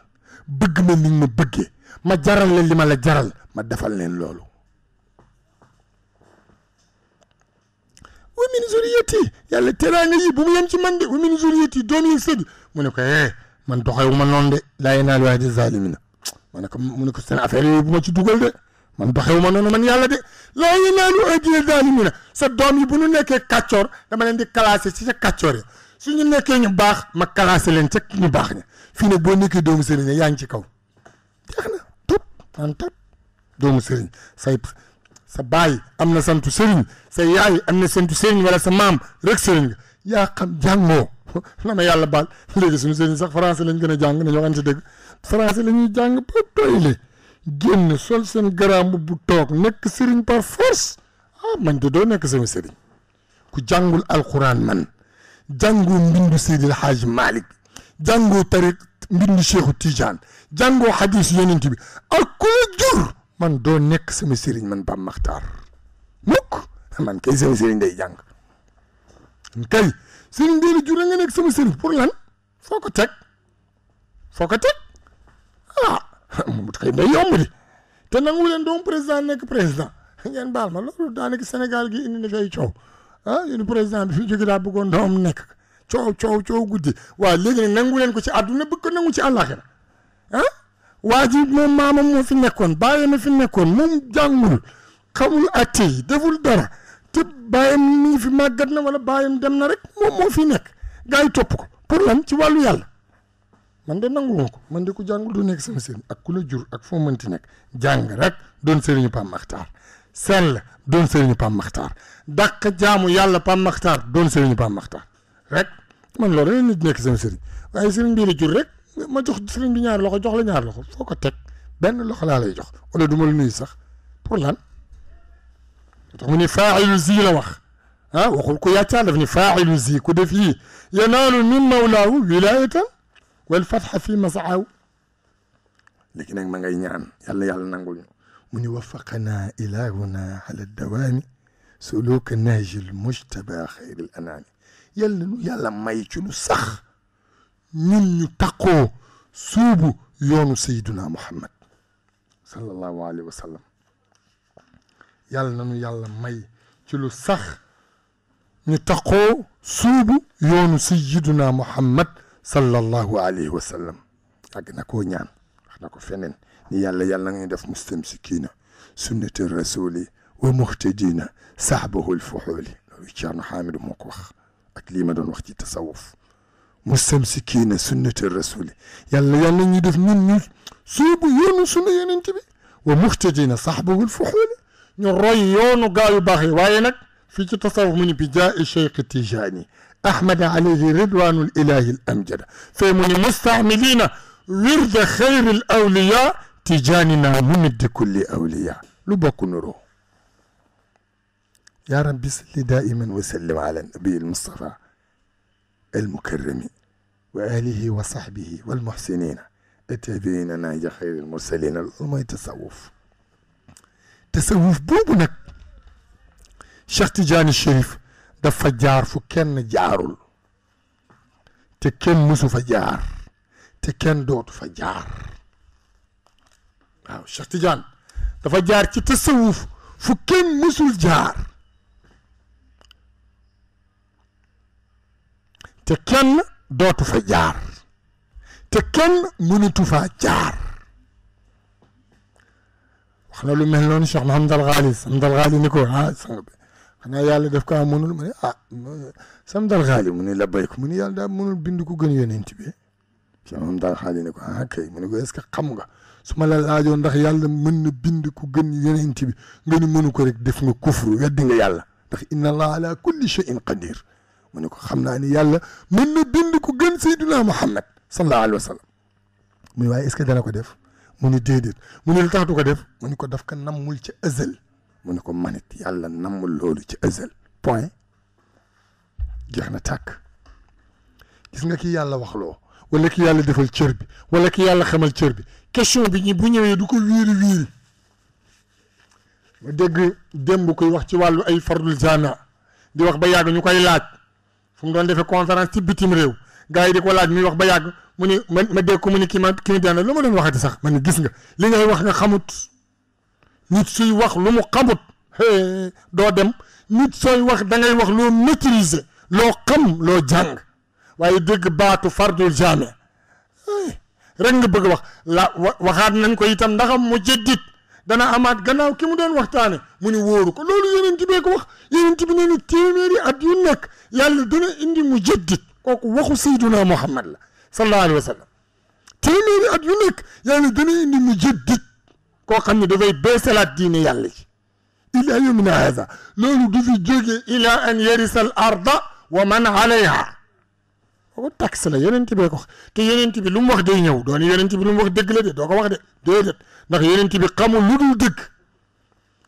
bëgg ma li ma bëggee ma jaral leen li ma la jaral ma defal leen loolu wa min zuriyati yàlla teraanga yi bu mu yem ci man de wa min zuriyati doom yi sëgg mu ne ko eh man doxewu ma noonu de laa yanaalu ahdi zaalimina ma ne ko mu ne ko seen affaire yooyu bu ma ci dugal de man doxewu ma noonu man yàlla de laa yanaalu ahdi zaalimina sa doom yi bu ñu nekkee kàccoor dama leen di classé ci sa kàccoor ya su ñu nekkee ñu baax ma classé leen ca ñu baax ña fii ne boo nekkee doomu sëriñ yaa ngi ci kaw jeex na tut man tut doomu sëriñ sa baay am na santu sëriñ sa yaay am na santu sëriñ wala sa maam rek sëriñ nga yaa xam jàngoo *laughs* na ma yàlla baal léegi suñu sëriñ sax france lañ gën a jàng nañoo xam si dëgg français la ñuy jàng ba doyle génn sol seen garaam bu toog nekk sëriñ par force ah man doo nekk sama sëriñ ku jàngul alquran man jàngoo mbindu Seydil Hadj Malick jàngoo tariq mbindu Cheikhu Tidiane jàngoo xadis yonent bi ak ku jur man doo nekk sama sëriñ man Pape Makhtar mukk man kay sama sëriñ day jàng kay sëriñ bi la jur nga nekk sama sëriñ pour lan foo ko teg foo ko teg ah mu kay day yomb di te nangu leen doom président nekk président ngeen baal ma loolu daanaka Sénégal gi indi na fay coow ah, président bi fi jóge daa bëggoon doom nekk coow coow coow guddi waaw léegi nag nangu leen ko ci àdduna bëgg ko nangu ci àllaaxira ah waa ji moom maamam moo fi nekkoon bàyyi na fi nekkoon moom jàngul xamul atte yi deful dara te bàyyam mi fi màggat na wala bàyyam dem na rek moom moo fi nekk gars yi topp ko pour lan ci wàllu yàlla man de nanguwuma ko man de ku jàngul doo nekk sama sëriñ ak ku la jur ak foo mënti nekk jàng rek doon sëriñu Pape Makhtar sell doon sëriñu Pape Makhtar jaamu yàlla Pape Makhtar doon sëriñu Pape rek man loolu la nit nekk sama sëriñ waaye s bii la ma jox sëriñ bi ñaari loxo jox la ñaari loxo foo ko teg benn loxo laa lay jox wala du ma la nuyu sax pour lan tax mu ni faaxilu zi la wax ah waxul ku yàccaan daf ni faaxilu zi ku def yii yanaalu min mawlaahu wilaayata wal fatxa fi masaaw léegi nag ma ngay ñaan yàlla yàlla nangul ñu mu ni wafaqana ilahuna ala dawami سلوك nahji المجتبى خير الأنام يلا يلا ما nu سخ ñun ñu takkoo suubu yoonu sayyiduna muhammad sallallahu alayhi wa sallam yàlla na ñu yàlla may ci lu sax ñu takkoo suubu yoonu sayyiduna muhammad sallallahu alayhi wa sallam yàgg na koo ñaan wax na ko feneen ni yàlla yàlla na ñu def mustamsikina sunnati rasuli wa muhtadina sahbahu alfuhuli loolu Ceerno Xaamidu moo ko wax ak lii ma doon wax ci tasawuf مستمسكين سنة الرسول يلا يلا يدف مني سيبو يونو سنة ينتبه يعني ومختجين صاحبه الفحول نروي يونو قال باخي وينك في تصوف من بجاء الشيخ التجاني أحمد عليه رضوان الإله الأمجد في من مستعملين ورد خير الأولياء تجاننا مند كل أولياء لبك نرو يا رب صل دائما وسلم على النبي المصطفى المكرمين وآله وصحبه والمحسنين اتبعيننا يا خير المرسلين الأمة التصوف تصوف بوبنك شيخ تجاني الشريف دفا جار فكان نجار تكن موسو فجار تكن دوت فجار واو شيخ تجان دفا جار تصوف فكان موسو الجار te kenn dootu fa jaar te kenn munutu fa jaar wax na lu mel noonu Cheikh Mouhamadal Ghali al Ghali ni ko ah sang yàlla daf ko mënul mu ne ah Samdal Ghali mu ne la béy ko mu ne yàlla da munul bindu ko gën yonent bi Cheikh al Ghali ni ko ah kay mu ne ko est ce xam nga suma la laajo ndax yàlla mën na bind ku gën yonent bi nga ni mënu ko rek def nga kufru weddi nga yàlla ndax inna allah ala kulli shay'in qadir منكو خمنا إني يلا منو بندكو جن سيدنا محمد صلى الله عليه وسلم مني واي إسكت أنا كده مني ديدت مني لتر تو كده مني كده فكان نمول شيء أزل منكو مانت يلا نمول لولو شيء أزل point جهنا تك جسنا كي يلا وخلو ولا كي يلا دفل شربي ولا كي يلا خمل شربي كشوف بني بني ويدوكو ويري ويري ودغ ديم بوكاي واخ سي والو اي فرض الجانا دي واخ با يادو نكاي لاج fu mu doon defee conférence ci bitim réew gars yi di ko laaj muy wax ba yàgg mu ne ma ma dégg ko mu ne kii ma kii ma daan lu ma doon waxati sax man gis nga li ngay wax nga xamut nit suy wax lu mu xamut doo dem nit sooy wax dangay wax loo maîtriser loo xam loo jàng waaye dégg baatu fardul jaame rek nga bëgg wax la waxaat nañ ko itam ndaxam mu jéggit dana amaat gannaaw ki mu doon waxtaane mu ni wóoru ko loolu yeneen ci bee ko wax yeneen ci bi nee ni téeméeri at yu nekk yàlla dana indi mu jëddit kooku waxu sayduna muhammad la sallallahu alayhi wa sallam téeméeri at yu nekk yàlla dana indi mu jëddit koo xam ne dafay beesalaat diine yàlla ji ila yomina hada loolu du fi jóge ila an yarisa al wa man alayha booba tax la yeneen bi ko te yeneen bi lu mu wax day ñëw doon yeneen bi lu mu wax dëgg la de doo ko wax de déedéet ndax yeneen bi xamul lu dul dëgg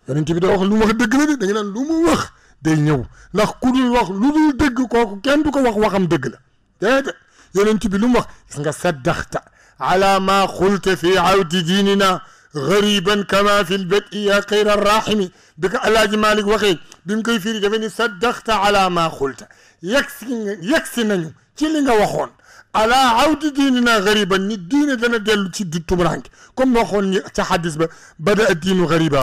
yeneen bi doo wax lu mu wax dëgg la de da nga naan ndax ku dul lu dul dëgg kooku kenn du ko wax waxam dëgg la déedéet yeneen bi lu mu wax gis nga saddaxta ala ma xulte fi awdi diinina gariban kama fi lbadi ya xayra rahimi bi ko alaaji Malik waxee bi mu koy firi dafa ni saddaxta ala ma xulta yegsi yegsi nañu ci li nga waxoon ala awdi diininaa gariban ni diine dana dellu ci du tumuranke comme nga waxoon ni ca xadis ba bada a diinu gariba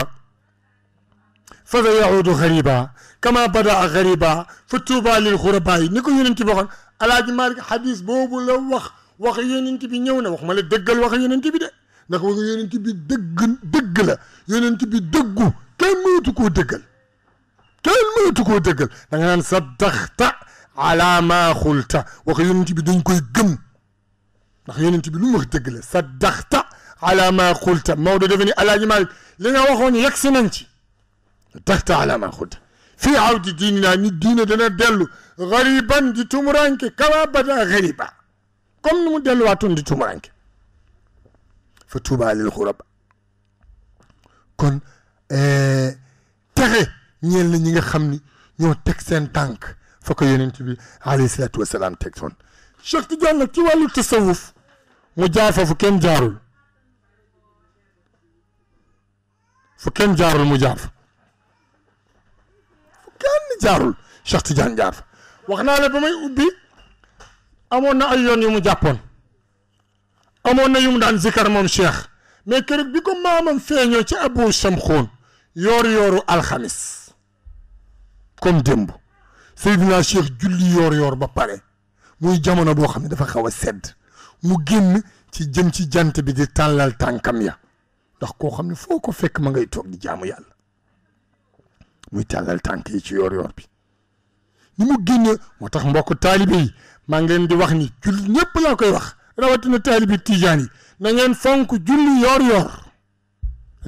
fa sa yahuudu gariba kama bada a gariba fa tuuba lil xurabaa yi ni ko yonent bi waxoon alaaji maalik xadis boobu la wax wax yonent bi ñëw na wax ma la dëggal wax yonent bi de ndax wax yonent bi dëgg dëgg la yonent bi dëggu kenn mënatu koo dëggal kenn mënatu koo dëggal da nga naan saddaxta ala ma xulta wax yonent bi dañ koy gëm ndax yonent bi lu mu wax dëgg la sa daxta ala ma xulta Maodo dafa ni alaaji Malik li nga waxoon yegg si nañ ci daxta ala ma xulta fii awdi diinina ni diine dana dellu gariban di tumuranke kama bada gariba comme ni mu delluwaatoon di tumuranke fa tuuba lil xuraba kon texe ñeel na ñi nga xam ni ñoo teg seen tànk fa ko yonent bi alayhi salaatu wasalaam teg foon Cheikh Tidiane nag ci wàllu tasawuf mu jaar fa kenn jaarul fu kenn jaarul mu jaar fa fu kenn jaarul Cheikh Tidiane jaar fa wax naa la ba may ubbi amoon na ay yoon yu mu jàppoon amoon na yu mu daan zikkar moom Cheikh mais keroog bi ko maamam feeñoo ci Abu Samxoon yoor yooru alxamis kom démb Seydina Cheikh julli yor-yor ba pare muy jamono boo xam ne dafa xaw a sedd mu génn ci jëm ci jant bi di tàllal tànkam ya ndax koo xam ne foo ko fekk ma ngay toog di jaamu yàlla muy tàllal tànk yi ci yor-yor bi ni mu génn moo tax mbokk taalibe yi maa di wax ni julli ñëpp laa koy wax rawatina taalibe tijaan yi na ngeen fonk julli yor-yor.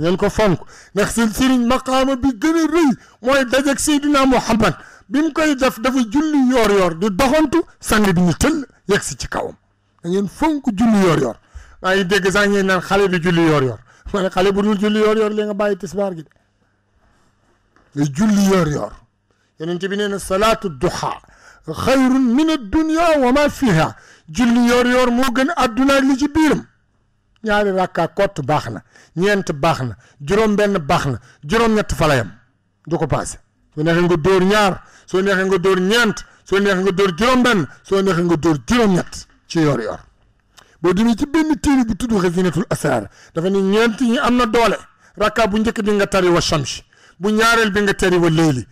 ngeen ko fonk ndax seen sëriñ maqaama bi gën a rëy mooy dajeeg Seydina Muhammad bi mu koy def dafa julli yoor yoor di doxantu sang bi ñu tëll yegg si ci kawam da ngeen fonk julli yoor yoor maa ngi dégg sax ngeen naan xale bi julli yoor yoor ma ne xale bu dul julli yoor yoor li nga bàyyi tisbaar gi de julli yoor yoor yeneen ci bi nee na duha xayrun min addunia wa ma fiha julli yoor yoor moo gën àdduna ak li ci biiram ñaari rakka kott baax na ñeent baax na juróom benn baax falayam du ko soo neexee nga dóor ñaar soo neexee nga dóor ñeent soo neexee nga dóor juróom-benn soo neexee nga dóor juróom-ñett ci yor-yor boo demee ci benn téere bu tudd xasinatul asraar dafa ne ñeent ñi am na doole rakka bu njëkk bi nga tari wa shamsi bu ñaareel bi nga tari wa leyli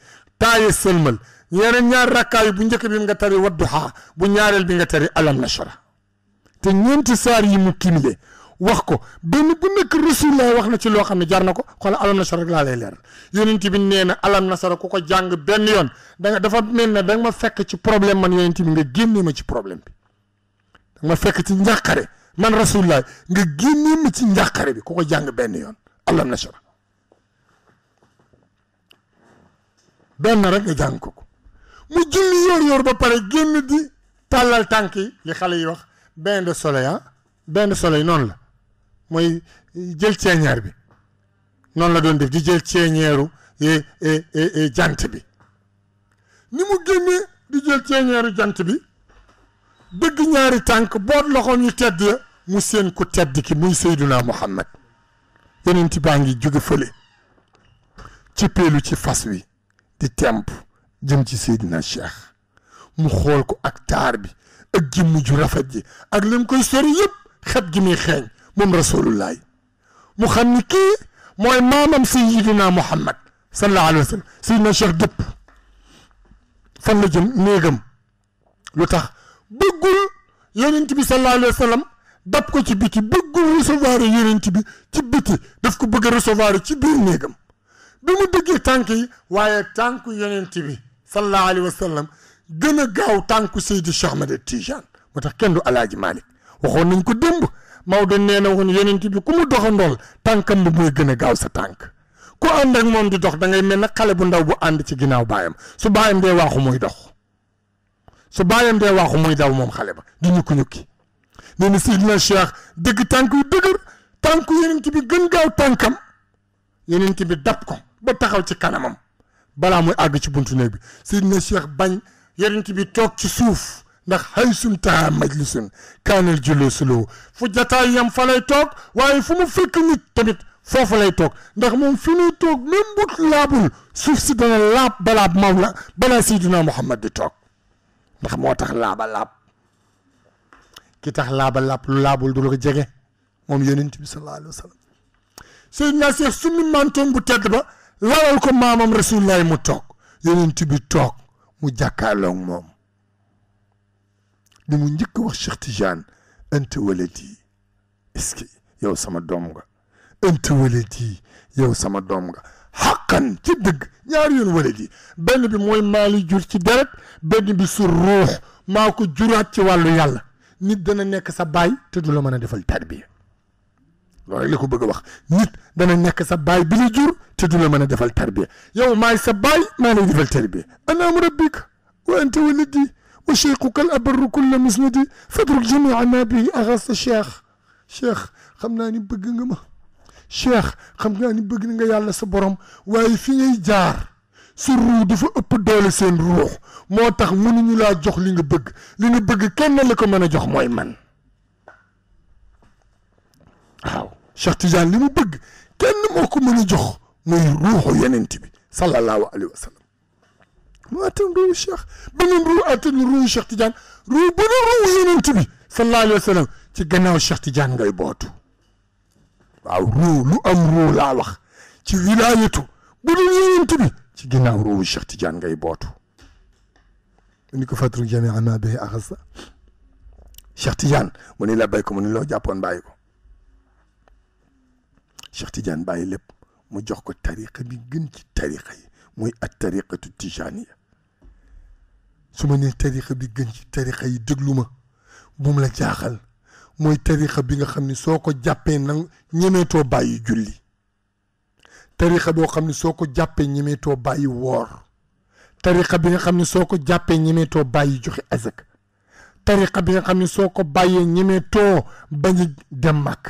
taaye sëlmal yeneen ñaar rakkaa bu njëkk bi nga tari wa duha bu ñaareel bi nga tari alam nashara te ñeenti saar yi mu kimile wax ko benn bu nekk rasulullah wax na ci loo xam ne jar na ko xoola alam nasara rek laa lay leer yonent bi nee na alam nasara ku ko jàng benn yoon da dafa mel ne danga ma fekk ci problème man yonent bi nga génnee ma ci problème bi fekk ci njàqare man rasulullah nga génnee ma ci njàqare bi ku ko jàng benn yoon alam nasara benn rek nga jàng ko ko mu julli yoor yoor ba pare génn di tàllal tànk yi li xale yi wax bain de soleil benn ah. bain de soleil noonu la mooy jël ceeñeer bi noonu la doon def di jël ceeñeeru e, e, e, jant bi ni mu génnee di jël ceeñeeru jant bi bëgg ñaari tànk boot loxoom yu tedd ya mu seen ku tedd ki muy Seyduna Muhammad yenent baa ngi jóge fële ci peelu ci fas wi di temp jëm ci Seydina Cheikh mu xool ko ak taar bi ak jëmm ju rafet ji ak lim koy sori yëpp xet gi muy xeeñ moom rasulullahi mu xam ni kii mooy maamam sayidina muhammad sallallahu alayhi wa sallam sayidina cheikh dëpp fan la jëm néegam lu tax bëggul yonent bi sallallahu alayhi wa ko ci biti bëggul recevoir yonent bi ci biti daf ko bëgg a recevoir ci biir néegam bi mu dëggee tànk yi waaye tànku yonent bi sallallahu alayhi wa gën a gaaw tànku Seydi Cheikh Ahmed Tidiane moo tax kenn du Alaaji Malick waxoon nañ ko démb Maodo nee na woon yonent bi ku mu doxandool tànkam bi mooy gën a gaaw sa tànk koo ànd ak moom di dox da ngay mel na xale bu ndaw bu ànd ci ginnaaw baayam su baayam dee waaxu muy dox su baayam dee waaxu daw moom xale ba di ñukki ñukki nee na Sidina Cheikh dëgg tànk yu dëgër tànk yonent bi gën gaaw tànkam yonent bi dab ko ba taxaw ci kanamam balaa muy àgg ci buntu néeg bi Sidina Cheikh bañ yonent bi toog ci suuf. ndax haysun taa majlisun kaanal julusu lahu fu jataay yam fa lay toog waaye fu mu fekk nit tamit foofu lay toog ndax moom fi nuy toog même bu laabul suuf si dana laab balaab mawla balaa Seydina Muhammad di toog ndax moo tax laaba laab ki tax laaba laab lu laabul du la ko jege moom yonent bi sallallahu alayhi wa sallam Seydina Cheikh bu tedd ba lalal ko maamam rasulullahi mu toog yonent bi toog mu jàkkaarloog moom لمن جك وخشخت جان أنت ولدي إسكي يو سما دومغا أنت ولدي يو سما دومغا حقا تدق ياريون ولدي بني بموي مالي جور كي دارت بني بسو روح ماكو جورات كي والو يالا نيت دانا نيك سا باي تدولو مانا دفل تربية لوري لكو بغا وخ نيت دانا نيك سا باي بلي جور تدولو مانا دفل تربية يو ماي سا باي مانا دفل تربية أنا مربيك وأنت ولدي وشيخك الأبر كل مسندي فادرك جميع ما به أغاص الشيخ شيخ خمناني بقنقما شيخ خمناني بقنقا يا الله صبرهم واي فين يجار سرو دفا أب سين روح موتاق مني لا جوخ لينغ بق لينغ بق كان لك من جوخ موي من هاو شيخ تجان لينغ بق كان موكو من جوخ موي روحو ينتبي صلى الله عليه وسلم moo attan ruuhu Cheikh beneen ruuhu attan ruuhu Cheikh Tidiane ruuhu bu ne ruuhu yonent bi sallallahu alayhi ci gannaaw Cheikh tijan ngay bootu waaw ruuhu lu am ruuhu laa wax ci wilaayatu bu dul yonent bi ci gannaaw ruuhu Cheikh Tidiane ngay bootu. mu ko fàttali jami ana bi axasa Cheikh Tidiane mu ni la béy ko mu ni loo jàppoon bàyyi ko Cheikh Tidiane bàyyi lépp mu jox ko tariqa bi gën ci tariqa yi. muy at tariqatu tijaniya su ma nee tarixa bi gën ci tarixa yi déglu ma bum la jaaxal mooy tarixa bi nga xam ni soo ko jàppee nang ñemeetoo bàyyi julli tarixa boo xam ni soo ko jàppee ñemeetoo bàyyi woor tarixa bi nga xam ni soo ko jàppee ñemeetoo bàyyi joxe azak tariqa bi nga xam ne soo ko bàyyee ñemee too bañ a dem màkk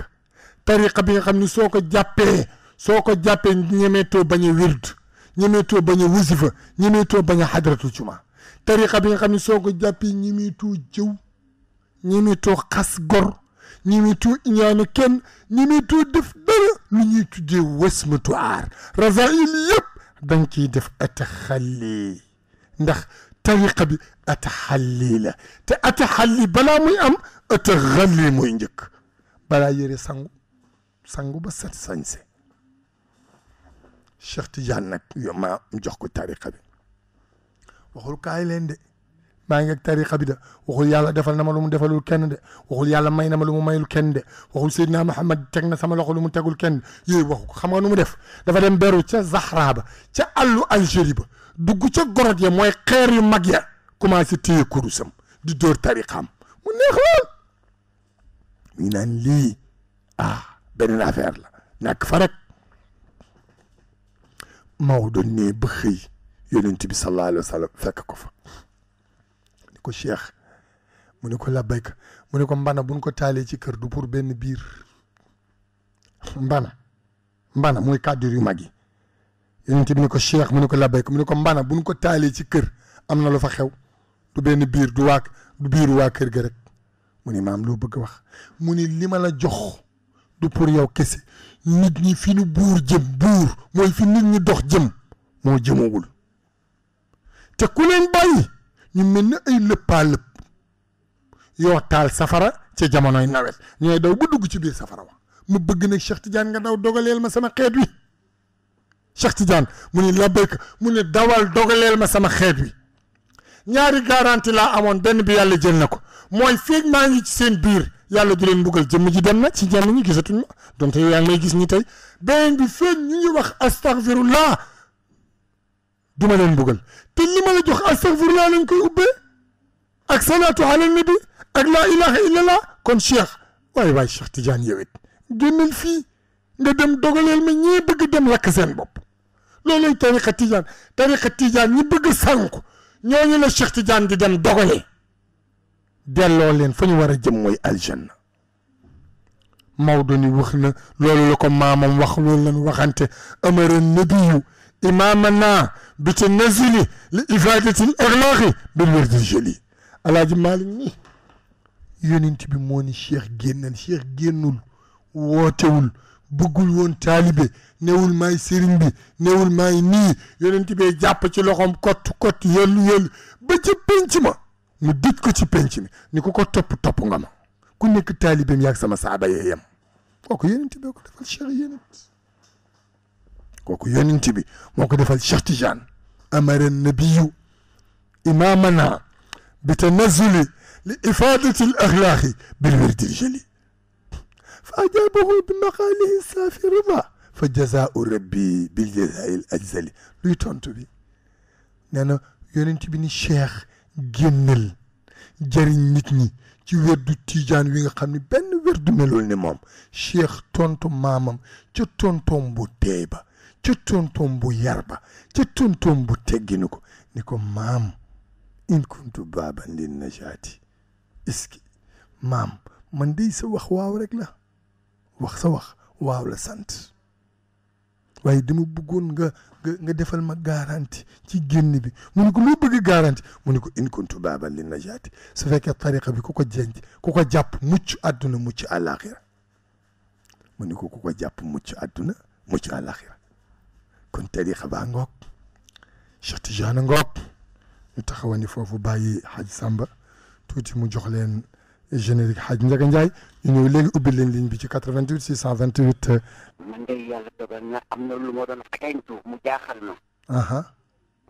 tariqa bi nga xam ne soo ko jàppee soo ko jàppee ñemee too bañ a wird ñemee too bañ a wasifa ñemee too bañ a xadratul juma tariqa bi nga xamni soko jappi ko jàppee ñimitu jëw tu xas gor tu ñaanu kenn tu def dara lu ñuy tuddee wasmatu ar rasail yeb dañ ci def atakhalli ndax tariqa bi atakhalli la te atakhalli bala muy am atakhalli muy njëkk bala yëre sangu sangu ba set sañse Cheikh Tidiane nak yo ma jox ko tariqa bi waxul kaay leen de maa ngi ak tariqa bi de waxul yàlla defal na ma lu mu defalul kenn de waxul yàlla may na ma lu mu mayul kenn de waxul Seydina Muhammad teg na sama loxo lu mu tegul kenn yooyu waxu ko xam nga nu mu def dafa dem beru ca Zahra ba ca àllu Algérie ba dugg ca gorot ya mooy xeer yu mag ya commencé téye kurusam di dóor tariqaam mu neex lool mu ngi naan lii ah beneen affaire la nekk fa rek Maodo nee ba xëy يلين تبي صلى الله عليه وسلم فك كوفا نيكو شيخ مونيكو لا بايك مونيكو مبانا بون كو تالي سي كير دو بور بن بير مبانا مبانا موي كادير يو ماغي يلنتي بي نيكو شيخ مونيكو لا بايك مونيكو مبانا بون كو تالي سي كير امنا لو فا خيو دو بن بير دو واك دو بير وا كير غي رك موني مام لو بوغ واخ موني ليما لا جوخ دو بور يو كيسي نيت ني فينو بور جيم بور موي في نيت ني دوخ جيم مو جيمو تكولين باي ني من اي لبالب يو تال سفرة تي جامونو اي نويت ني داو سفرة ما بغ نك شيخ تيجان غا داو سما خيت وي شيخ موني لبيك موني داوال دوغاليل ما سما خيت وي نياري لا امون بن بي يالا موي فيك ماغي سي سين بير يالا دولين بوغال جيم جي دم سي جيل ني غيساتو دونت يا ماي غيس ني تاي بين بي فين ني استغفر الله duma len bugal te lima la jox astaghfirullah lañ koy ubbe ak salatu ala nabi ak la ilaha illallah kon cheikh way way cheikh Tidiane yow gemel fi nga dem dogalel ma ñi bëgg dem lak seen bop lolay tariqa Tidiane tariqa Tidiane ñi bëgg sànku ñooñu la cheikh Tidiane di dem dogalé delo len fa ñu war jëm moy aljanna Maodo ni wax na loolu la wax lolou lañ waxante amara nabiyu imamana bi ci nazili li ifadatil erlaaxi bil wérdil jëli alaaji Maalik ni yonent bi moo ni cheikh génnal cheikh génnul wootewul bëggul woon taalibe newul maay sëriñ bi newul maay nii yonent bee jàpp ci loxoom kott kott yëllu yëllu ba ci penc ma mu dij ko ci penc mi ni ko ko topp topp nga ma ku nekk taalibeem yaag sama saaba yee yem kooku yonent bee ko defal cheikh yonent koku yonenti bi moko defal cheikh tidiane amara nabiyu imamana بتنزل لإفادة الأخلاق بالورد الجلي فأجابه بمقاله السافي رضا فجزاء ربي بالجزاء الأجزلي ليتون تبي نانا يونين تبيني شيخ جنل جرين نتني تي ورد تيجان وينغ خامني بن ورد ملول نمام شيخ تونتو مامم تي تونتو مبو تيبا ci tontoom bu yar ba ci tontoom bu tegginu ko ni ko maam in kuntu baaban lin najaati iski maam man dey sa wax waaw rek la wax sa wax waaw la sant waaye dama bëggoon nga nga nga defal ma garanti ci génn bi mu ne ko loo bëgg garanti mu ne ko in kuntu baaban lin najaati su fekkee tariqa bi ku ko jenc ko jàpp mucc àdduna mucc àllaaxira mu ne ko ku ko jàpp mucc àdduna mucc àllaaxira kon tarixa baa ngoog Cheikh Tidiane ngoog ñu taxawani foofu bàyyi xaj Samba tuuti mu jox leen générique xaj Ndiaga Ndiaye ñu ñëw léegi ubbi leen ligne bi ci 88 628. man de yàlla dogal mu jaaxal na.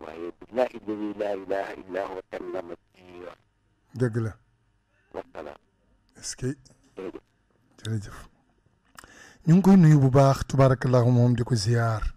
waaye billaahi alladi laa ilaaha illaa na ma ci yoon. dëgg la. wasalaam. ñu ngi koy nuyu bu baax tubaarakallahu moom di ko ziyaar.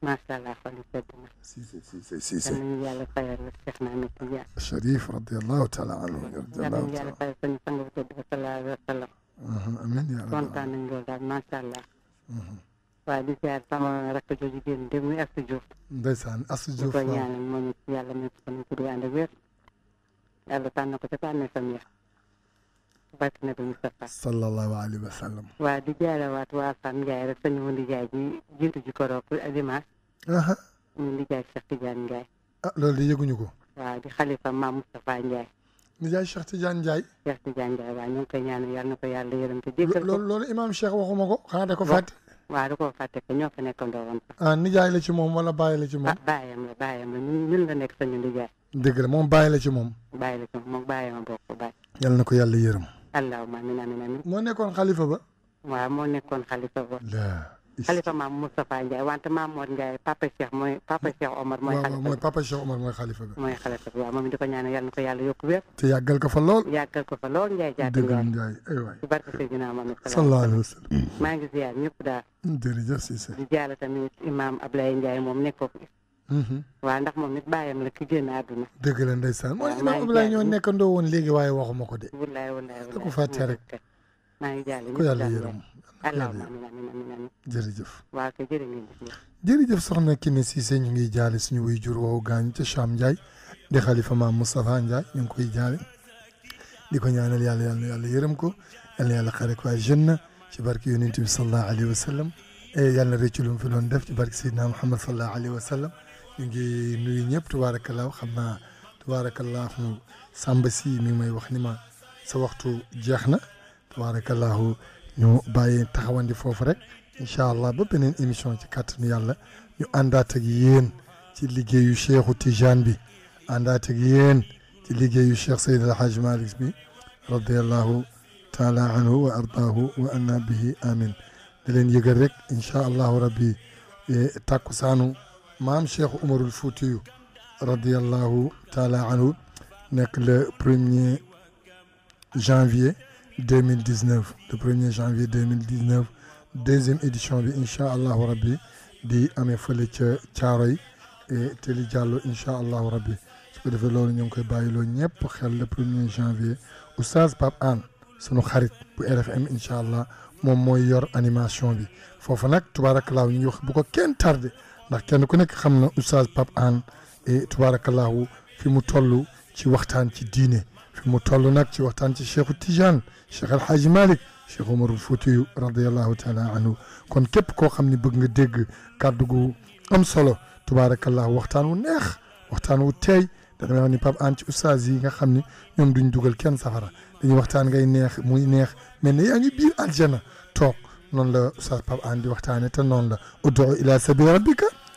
macha allah xol yi sedd na. Cissé Cissé Cissé. danañ yàlla fayal la Cheikh Ahmed Tidiane. Cherif radiyallahu taala anhu. danañ yàlla fayal suñu sang bu tedd ba sallallahu alayhi wa sallam. amiin yaa rabbi kontaan nañ loolu daal macha allah. waaw di ziar sama rakk jooju génn dem muy Asou Diouf. ndeysaan Asou Diouf waaw di ko ñaanal moom it yàlla may ko fan yu gudd ànd ak wér. yàlla tànn ko ca tànneefam ya. bàtt na bi Moustapha sallallahu alayhi wa sallam waaw di jaalewaat waa Fane Ndiaye rek sañu mu ndijaay ji jiitu ji korok dimanche ñu ndijaay Cheikh Tidiane Ndiaye ah loolu di yëguñu ko waaw di xalifa maam Moustapha Ndiaye ndijaay Cheikh Tidiane Ndiaye Cheikh Tidiane Ndiaye waaw ñu ngi koy ñaanal yàlla na ko yàlla yërëm te jéggal ko loolu imaam Cheikh waxuma ko xanaa da ko fàtte waaw da koo fàtte ko ñoo fa nekkandoo woon ah nijaay la ci moom wala bàyyi la ci moom ah bàyyam la bàyyam la ñun la nekk sañu ndijaay dëgg la moom bàyyi la ci moom bàyyi la ci moom moom bàyyi ma bokk bàyyi yàlla na ko yàlla yërëm allahumma amiin amiin amiin. moo nekkoon xalifa ba. waaw moo nekkoon xalifa ba. xalifa maam Moustapha Ndiaye wante maam Mor Ndiaye papa Cheikh mooy papa Cheikh Omar. mooy xalifa mooy papa Cheikh di ko ñaanal yal na ko yàlla yokk wér. te yàggal ko fa lool. yàggal ko fa lool Ndiaye jaata Ndiaye dëgg Ndiaye aywa. ci barke Seydina Mohamed sallallahu alayhi wa sallam. maa ngi ziar ñëpp daal. jërëjëf Cissé. di jaala tamit imaam Ablaye Ndiaye moom nekkoon. waaw ndax moom it bàyyam la ki génn àdduna dëgg la ndeysaan moo ne imaam Abdoulaye ñoo nekkandoo woon léegi waaye waxuma ko de wallaay wallaay wallaay rek maa ngi jàll ko yàlla yërëm allahumma amiin amiin amiin amiin jërëjëf ñu ngi jaale suñu wuy jur woowu gaañu ca Cham Ndiaye di xalifa maam Moustapha Ndiaye ngi koy jaale di ko ñaanal yàlla yàlla yàlla yërëm ko yàlla yàlla xare ko aljanna ci barke yonent bi sallallahu alayhi wa sallam eh, yàlla rëccu lu fi doon def ci barke Seydina Muhammad sallallahu alayhi wa ngi nuyu ñëpp tubaarakallaahu xam naa tubaarakallaahu sàmba si mi may wax ni ma sa waxtu jeex na tubaarakallaahu ñu bàyyi taxawandi foofu rek incha allah ba beneen émission ci kàttanu yàlla ñu àndaat ak yéen ci liggéeyu cheikhu Tijaan bi àndaat ak yéen ci liggéeyu cheikh Seyd El Hadj Malick bi radiallahu taala anhu wa ardaahu bihi amin da leen yëgal rek incha allahu rabbi eh, tàkkusaanu Mam Cheikh Umarul Foutiyu radiallahu taala anhu nek le 1er janvier 2019 le 1er janvier 2019 deuxième édition bi inshallah allahu rabbi di amé et Télé Diallo Inch'Allah allahu rabbi su ko defee koy bayilo ñepp xel le premier janvier oustaz Pape an sunu xarit bu RFM incha mom moy yor animation bi fofu nak tubaarakallaahu ñu bu ko tardé ndax kenn ku nekk xam na oustaz Pape Hann et tubaarakallahu fi mu toll ci waxtaan ci diine fi mu toll nag ci waxtaan ci cheikhu Tijaan cheikh El Hadj Malick cheikh Omarul Foutiyu radiallahu taala anhu kon képp koo xam ni bëgg nga dégg kàddu gu am solo tubaarakallahu waxtaan wu neex waxtaan wu teey damay wax ni Pape Hann ci oustaz yi nga xam ni ñoom duñ dugal kenn safara dañuy waxtaan ngay neex muy neex mel ne yaa ngi biir aljana toog noonu la oustaz Pape Hann di waxtaane te noonu la ud'u ila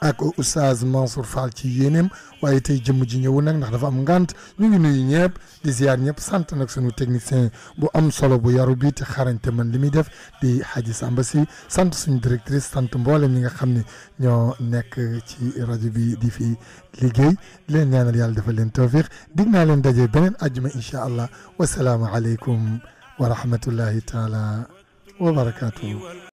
ak oustaz Mansour Fall ci yéeneem waye tay jëm ji ñewu nak ndax dafa am ngant ñu ngi nuyu ñëpp di ziar ñëpp sant nak sunu technicien bu am solo bu yaru bi te xarañte man limi def di Hadji Samba Sy sant suñu directrice sant mboolem ñi nga xamni ne ñoo nekk ci radio bi di fi liggéey di leen ñaanal yàlla dafa leen tawfiq dig na leen daje benen aljuma insha allah wa wasalaamu alaykum wa rahmatullahi taala wa barakatuh